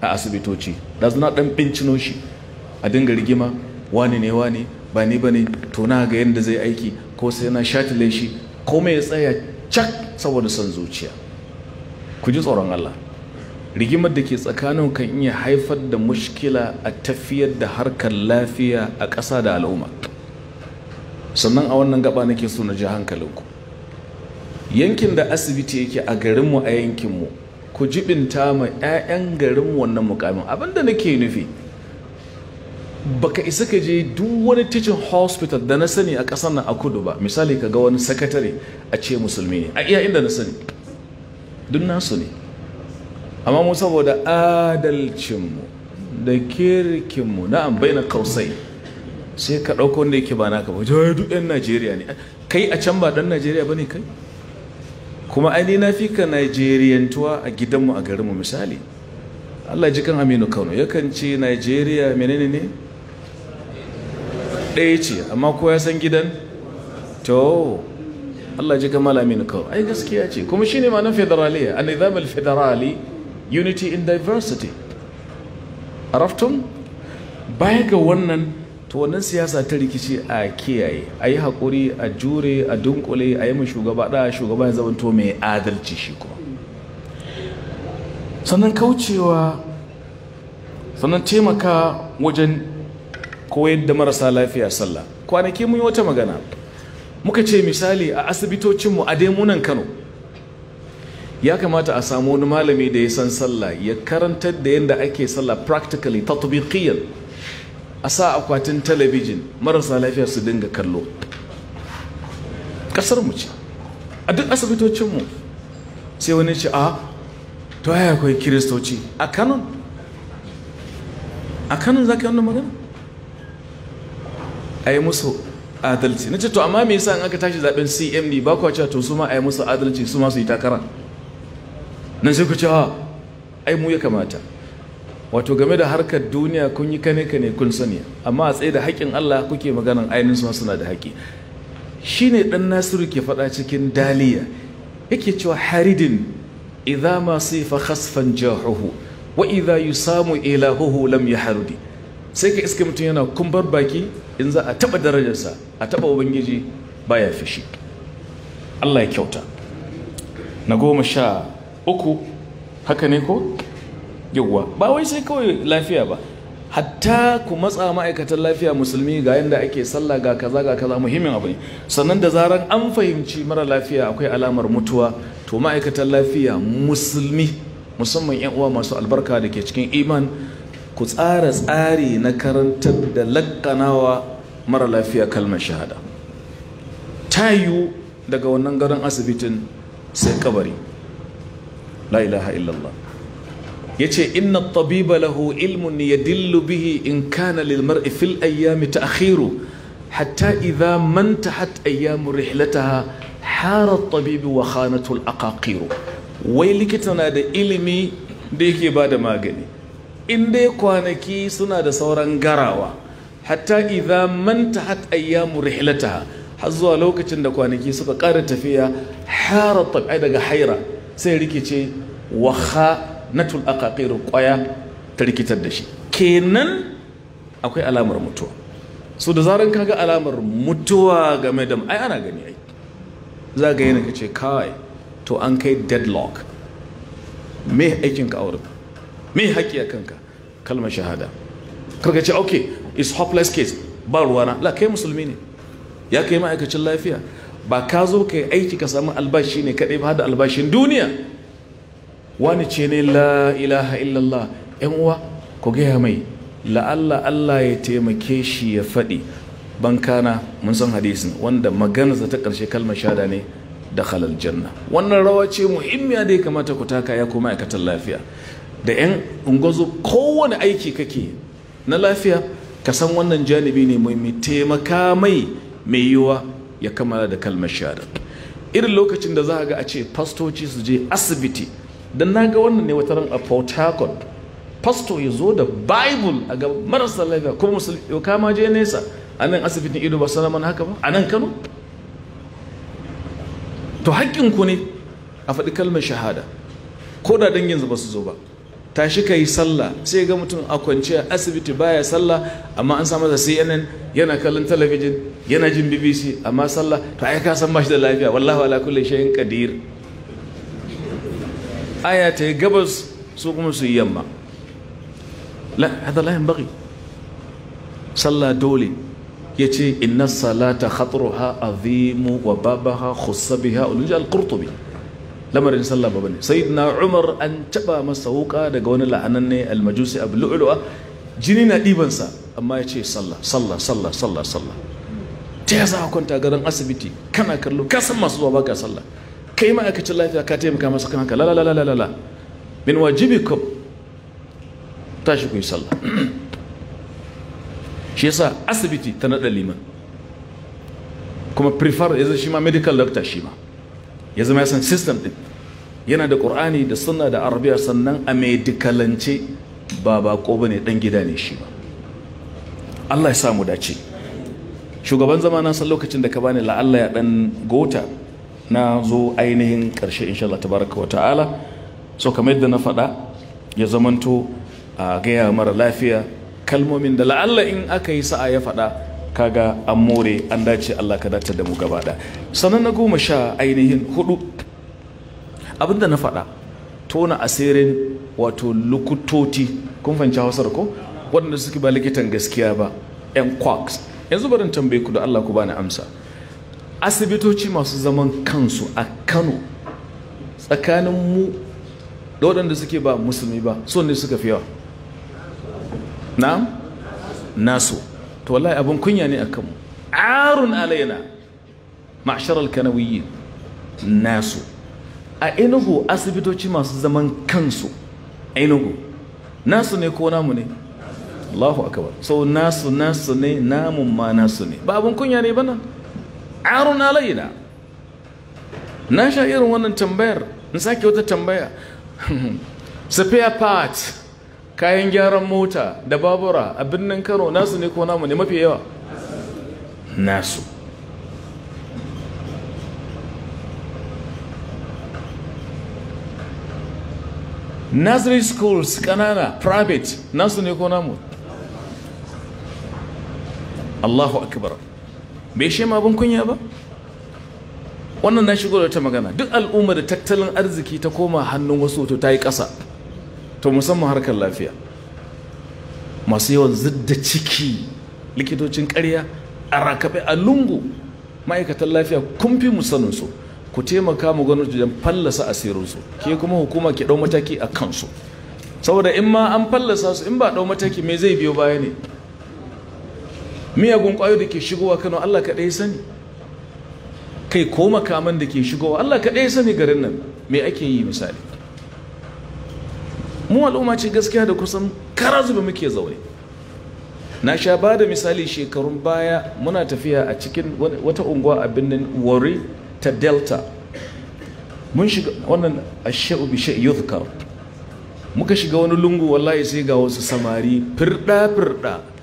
a asibitoci da na ɗan bincino shi a dinga rigima wani ne wani, ba ni ba ne to na ga yadda zai aiki ko sai na shatile shi komai ya tsaya cak saboda son zuciya ku ji tsoron Allah rigimar da ke tsakanin kan iya haifar da mushkila a tafiyar da harkar lafiya a ƙasa da al'umma sannan a wannan gaba nake so na ji hankalinku yankin da asibiti yake a garinmu a yankinmu ku jibinta ma 'ya'yan garin wannan mukamin abinda nake nufi baka isa ka je duk wani teaching hospital da na sani a ƙasar nan a kudu ba misali ka ga wani sakatare a ce musulmi ne a iya inda na sani duk nasu ne amma mu saboda adalcinmu da kirkinmu na'am bai na kausai sai ka ɗauko wanda yake ba na ka ba duk 'yan najeriya ne kai a can ba ɗan najeriya ba ne kai kuma aini na fi ka nigeriantuwa a gidanmu a garinmu misali allah ji kan aminu kano yakan ce nigeria menene ne ɗaya ce amma ko ya san gidan to allah ji kan aminu kano ai gaskiya ce kuma shine ma nan federaliya an nizam federali unity in diversity Arafton? baya ga wannan to wannan siyasa ta rikici a kiyaye a yi haƙuri a jure a dunkule a yi ma shugaba ɗaya shugaba ya zamanto mai adalci shi kuma sannan kaucewa sannan taimaka wajen koyar da marasa lafiya sallah kwanaki mun yi wata magana muka ce misali a asibitocinmu a daimunan kano ya kamata a samu wani malami da ya san sallah ya karantar da yadda ake sallah practically tatbiqiyan a sa akwatin talabijin marasa lafiya su dinga kallo ƙasar mu ce a duk asibitocinmu sai wani ce a to ya akwai kiristoci a kanon a kanon za ka yi wannan magana a yi musu adalci na ce to amma me yasa aka tashi zaben cmd ba kuwa cewa to su ma a yi musu adalci su ma su yi takara nan sai ku ce a ai mu ya kamata wato game da harkar duniya kun yi kane kane kun sani amma a tsaye da haƙƙin Allah kuke maganan ainihin suna suna da haƙƙi shine dan Nasiru ke faɗa cikin daliya yake cewa haridin idza ma sifa khasfan jahuhu wa idza yusamu ilahuhu lam yahrudi sai ka iska mutum yana kumbar baki in za a taba darajarsa a taba ubangiji baya fishi Allah ya kyauta na goma sha uku haka ne ko yawwa ba wai sai kawai lafiya ba hatta ku matsa ma'aikatan lafiya musulmi ga yadda ake sallah ga kaza ga kaza muhimmin abu ne sannan da zaran an fahimci mara lafiya akwai alamar mutuwa to ma'aikatan lafiya musulmi musamman yan uwa masu albarka da ke cikin iman ku tsara tsari na karantar da lakkanawa mara lafiya kalmar shahada ta tayu daga wannan garin asibitin sai kabari la ilaha illallah yace inna at-tabiba lahu ilmun dillu bihi in kana lil mar'i fil ayyami ta'khiru hatta idha mantahat ayyamu rihlataha hara at-tabibu wa khanatu aqaqir wai likita na da ilimi da yake bada magani in dai kwanaki suna da sauran garawa hatta idha mantahat ayyamu rihlataha har zuwa lokacin da kwanaki suka ƙara tafiya hara tabi'a daga haira sai rikice wa natul aqaqiru kwaya ta rikitar da shi kenan akwai alamar mutuwa so da zaran kaga alamar mutuwa game da ai ana gani ai za ga yana kace kai to an kai deadlock me aikin ka aure me haƙi a kanka kalmar shahada karka ce okay is hopeless case ba ruwana la kai musulmi ne ya kai ma'aikacin lafiya ba ka zo kai aiki ka samu albashi ne kaɗai ba da albashin duniya wani ce ne la ilaha illallah yan uwa ku gaya mai la'alla Allah ya taimake shi ya faɗi bankana mun san hadisin wanda maganarsa ta ƙarshe kalmar shada ne da halal janna wannan rawa ce muhimmiya da ya kamata ku taka ya kuma aikatan lafiya da yan ungozo kowane aiki kake na lafiya ka san wannan janibi ne muhimmi taimaka mai mai yiwa ya kammala da kalmar shada irin lokacin da za a ga a ce fastoci su je asibiti don na ga wannan ne wataran a port harcourt pastor ya zo da bible a ga marasa lafiya kuma musulmi yau kama je nesa a nan asibitin ido ba sanar mana haka ba a nan kano to haƙƙinku ne a faɗi kalmar shahada ko da dangin ba su zo ba tashi ka yi sallah sai ga mutum a a asibiti baya sallah amma an samu da cnn yana kallon talabijin yana jin bbc amma sallah to ai ka san ba shi da lafiya wallahu ala kulli shay'in qadir aya ta yi gabas su kuma su yamma la hada la sallah dole yace inna salata khatruha azimu wa babaha khussa biha ulul al-qurtubi lamarin sallah baba ne sayyidina umar an taba masa wuka daga wani la'ananne al-majusi abu lu'lu'a jini na ɗibansa amma ya ce sallah sallah sallah sallah sallah za a kwanta garin asibiti kana kallo ka san masu zuwa baka sallah kai ma'aikacin lafiya ka taimaka masa kan haka la min wajibikum tashi ku yi sallah *clears throat* shi yasa asibiti ta naɗa liman kuma prefer ya zama shi ma medical doctor shi ma ya zama ya san system din yana da ƙur'ani da sunna da arabiya sannan a medicalance ba bako ba ne ɗan gida ne shi ba Allah ya samu dace shugaban zama na san lokacin da ka bani la'alla ya ɗan gota na zo ainihin ƙarshe insha Allah tabaraka wa ta'ala so kamar yadda na faɗa ya zamanto a gaya mara lafiya kalmomin da la'alla in aka yi sa'a ya faɗa kaga an more an dace Allah ka dace da mu gaba da sannan na goma sha ainihin hudu abinda na faɗa tona asirin wato lukutoti kun fanci hausar ko waɗanda suke ba likitan gaskiya ba yan quarks yanzu barin tambaye ku da Allah ku bani amsa asibitoci masu zaman kansu a kano tsakanin mu da waɗanda suke ba musulmi ba so ne suka fi yawa na naso to wallahi abin kunya ne a kanmu arun alayyana ma'asharar kanawiyi naso a inugu asibitoci masu zaman kansu a inugu naso ne ko namu ne Allahu akabar so naso naso ne namun ma naso ne ba abin kunya ne ba nan arun alaina na sha irin wannan tambayar in sake wata tambaya *laughs* spare part kayan gyaran mota da babura a birnin kano nasu ne ko namu ne mafi yawa nasu nursery schools kanana private nasu ne ko namu Allahu akbar bai ma abin kunya ba wannan na shigo da wata magana duk al'umma da tattalin arziki ta koma hannun wasu to ta yi ƙasa to musamman harkar lafiya masu yawan zidda ciki likitocin ƙarya a rakaɓe a lungu ma'aikatan lafiya kun fi su ku taimaka mu gano don fallasa asirinsu ke kuma hukuma ke ɗau mataki a kansu saboda in ma an fallasa su in ba ɗau mataki me zai biyo baya ne miyagun ƙwayo da ke shigowa kano allah kaɗai sani kai ko makaman da ke shigowa allah kaɗai sani garin nan me ake yi misali mu al'umma ce gaskiya da kusan kara zuba muke zaune na sha ba da misali shekarun baya muna tafiya a cikin wata unguwa a birnin wari ta delta mun shiga wannan ashe'u bi she'i yuzkar muka shiga wani lungu wallahi sai ga wasu samari firɗa-firɗa.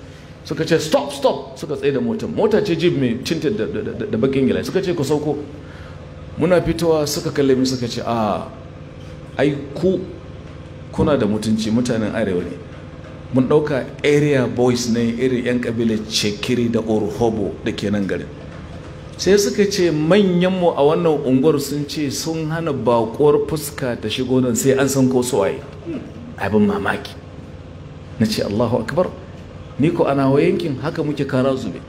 suka ce stop stop suka tsaye da motar mota ce jib mai tinta da bakin gila suka ce ku sauko muna fitowa suka kalle mu suka ce a ai ku kuna da mutunci mutanen arewa ne mun ɗauka area boys ne irin 'yan kabilar cekiri da orhobo da ke nan garin sai suka ce mu a wannan unguwar sun ce sun hana bakuwar fuska ta shigo nan sai an san ko su waye abin mamaki na ce allahu akbar ni ko ana yankin haka muke kara zube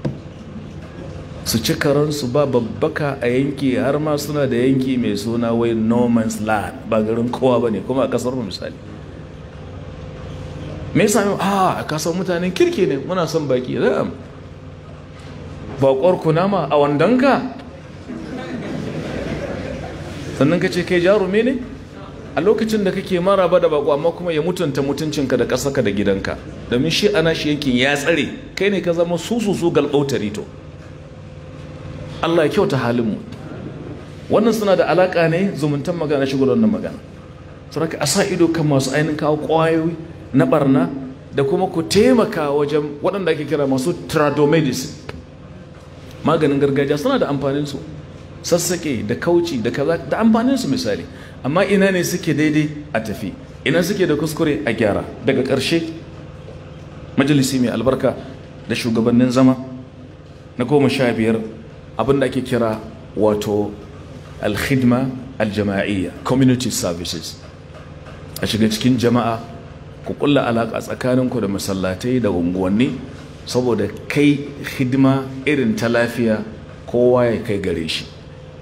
su ci karansu ba babbaka a yanki har ma suna da yanki mai suna wai no man's land ba garin kowa ba ne kuma a kasar mu misali me yasa a kasar mutanen kirki ne muna son baki za'am eh, bakwar kunama a wandanka sannan ka ce kai jarumi ne a lokacin da kake maraba da bako amma kuma ya mutunta mutuncinka da ƙasarka da gidanka domin shi ana shi yankin ya tsare kai ne ka zama sususu galɓautari to Allah ya kyauta mu. wannan suna da alaƙa ne zumuntan magana shigo da wannan magana raka a sa ido kan masu ainin kawo ƙwayoyi na barna da kuma ku taimaka wajen waɗanda ake kira masu tradomedicine maganin gargajiya suna da amfaninsu sassaƙe da kauci da kaza da amfaninsu misali amma ina ne suke daidai a tafi ina suke da kuskure a gyara daga ƙarshe majalisi mai albarka da shugabannin zama na goma sha biyar abinda ake kira wato alkhidma aljama'iyya community services a shiga cikin jama'a ku kulla alaƙa tsakaninku da masallatai da unguwanni saboda kai hidima irin ta lafiya kowa ya kai gare shi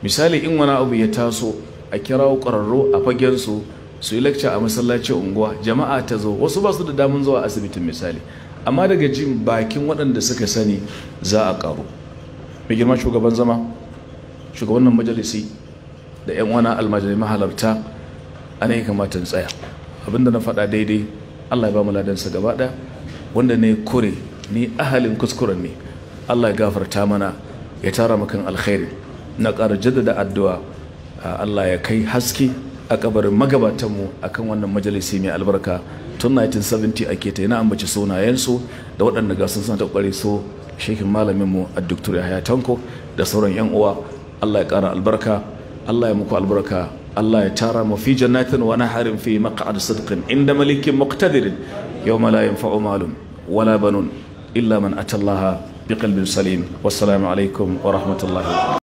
misali in wani abu ya taso a kirawo ƙwararro a fagensu su yi lecture a masallacin unguwa jama'a ta zo wasu ba su da damun zuwa asibitin misali amma daga jin bakin waɗanda suka sani za a ƙaru mai girma shugaban zama shugaban nan majalisi da 'yan wani almajirai mahalarta a ne kamata tsaya abinda na faɗa daidai allah ya ba mu ladansa gaba ɗaya wanda ne kure ni ahalin kuskuren ne allah ya gafarta mana ya tara makan alkhairi na ƙara jaddada addu'a Allah ya kai haske a kabarin magabatanmu a kan wannan majalisi mai albarka tun 1970 ake ta yana ambaci sunayensu da waɗanda ga sun ta ƙware so shekin malaminmu a duktur yahaya tanko da sauran yan uwa Allah ya ƙara albarka Allah ya muku albarka Allah ya tara mu fi jannatin wa naharin fi maq'ad sidqin inda malikin muqtadirin yawma la yanfa'u malun wala banun illa man atallaha biqalbin salim wassalamu alaikum wa rahmatullahi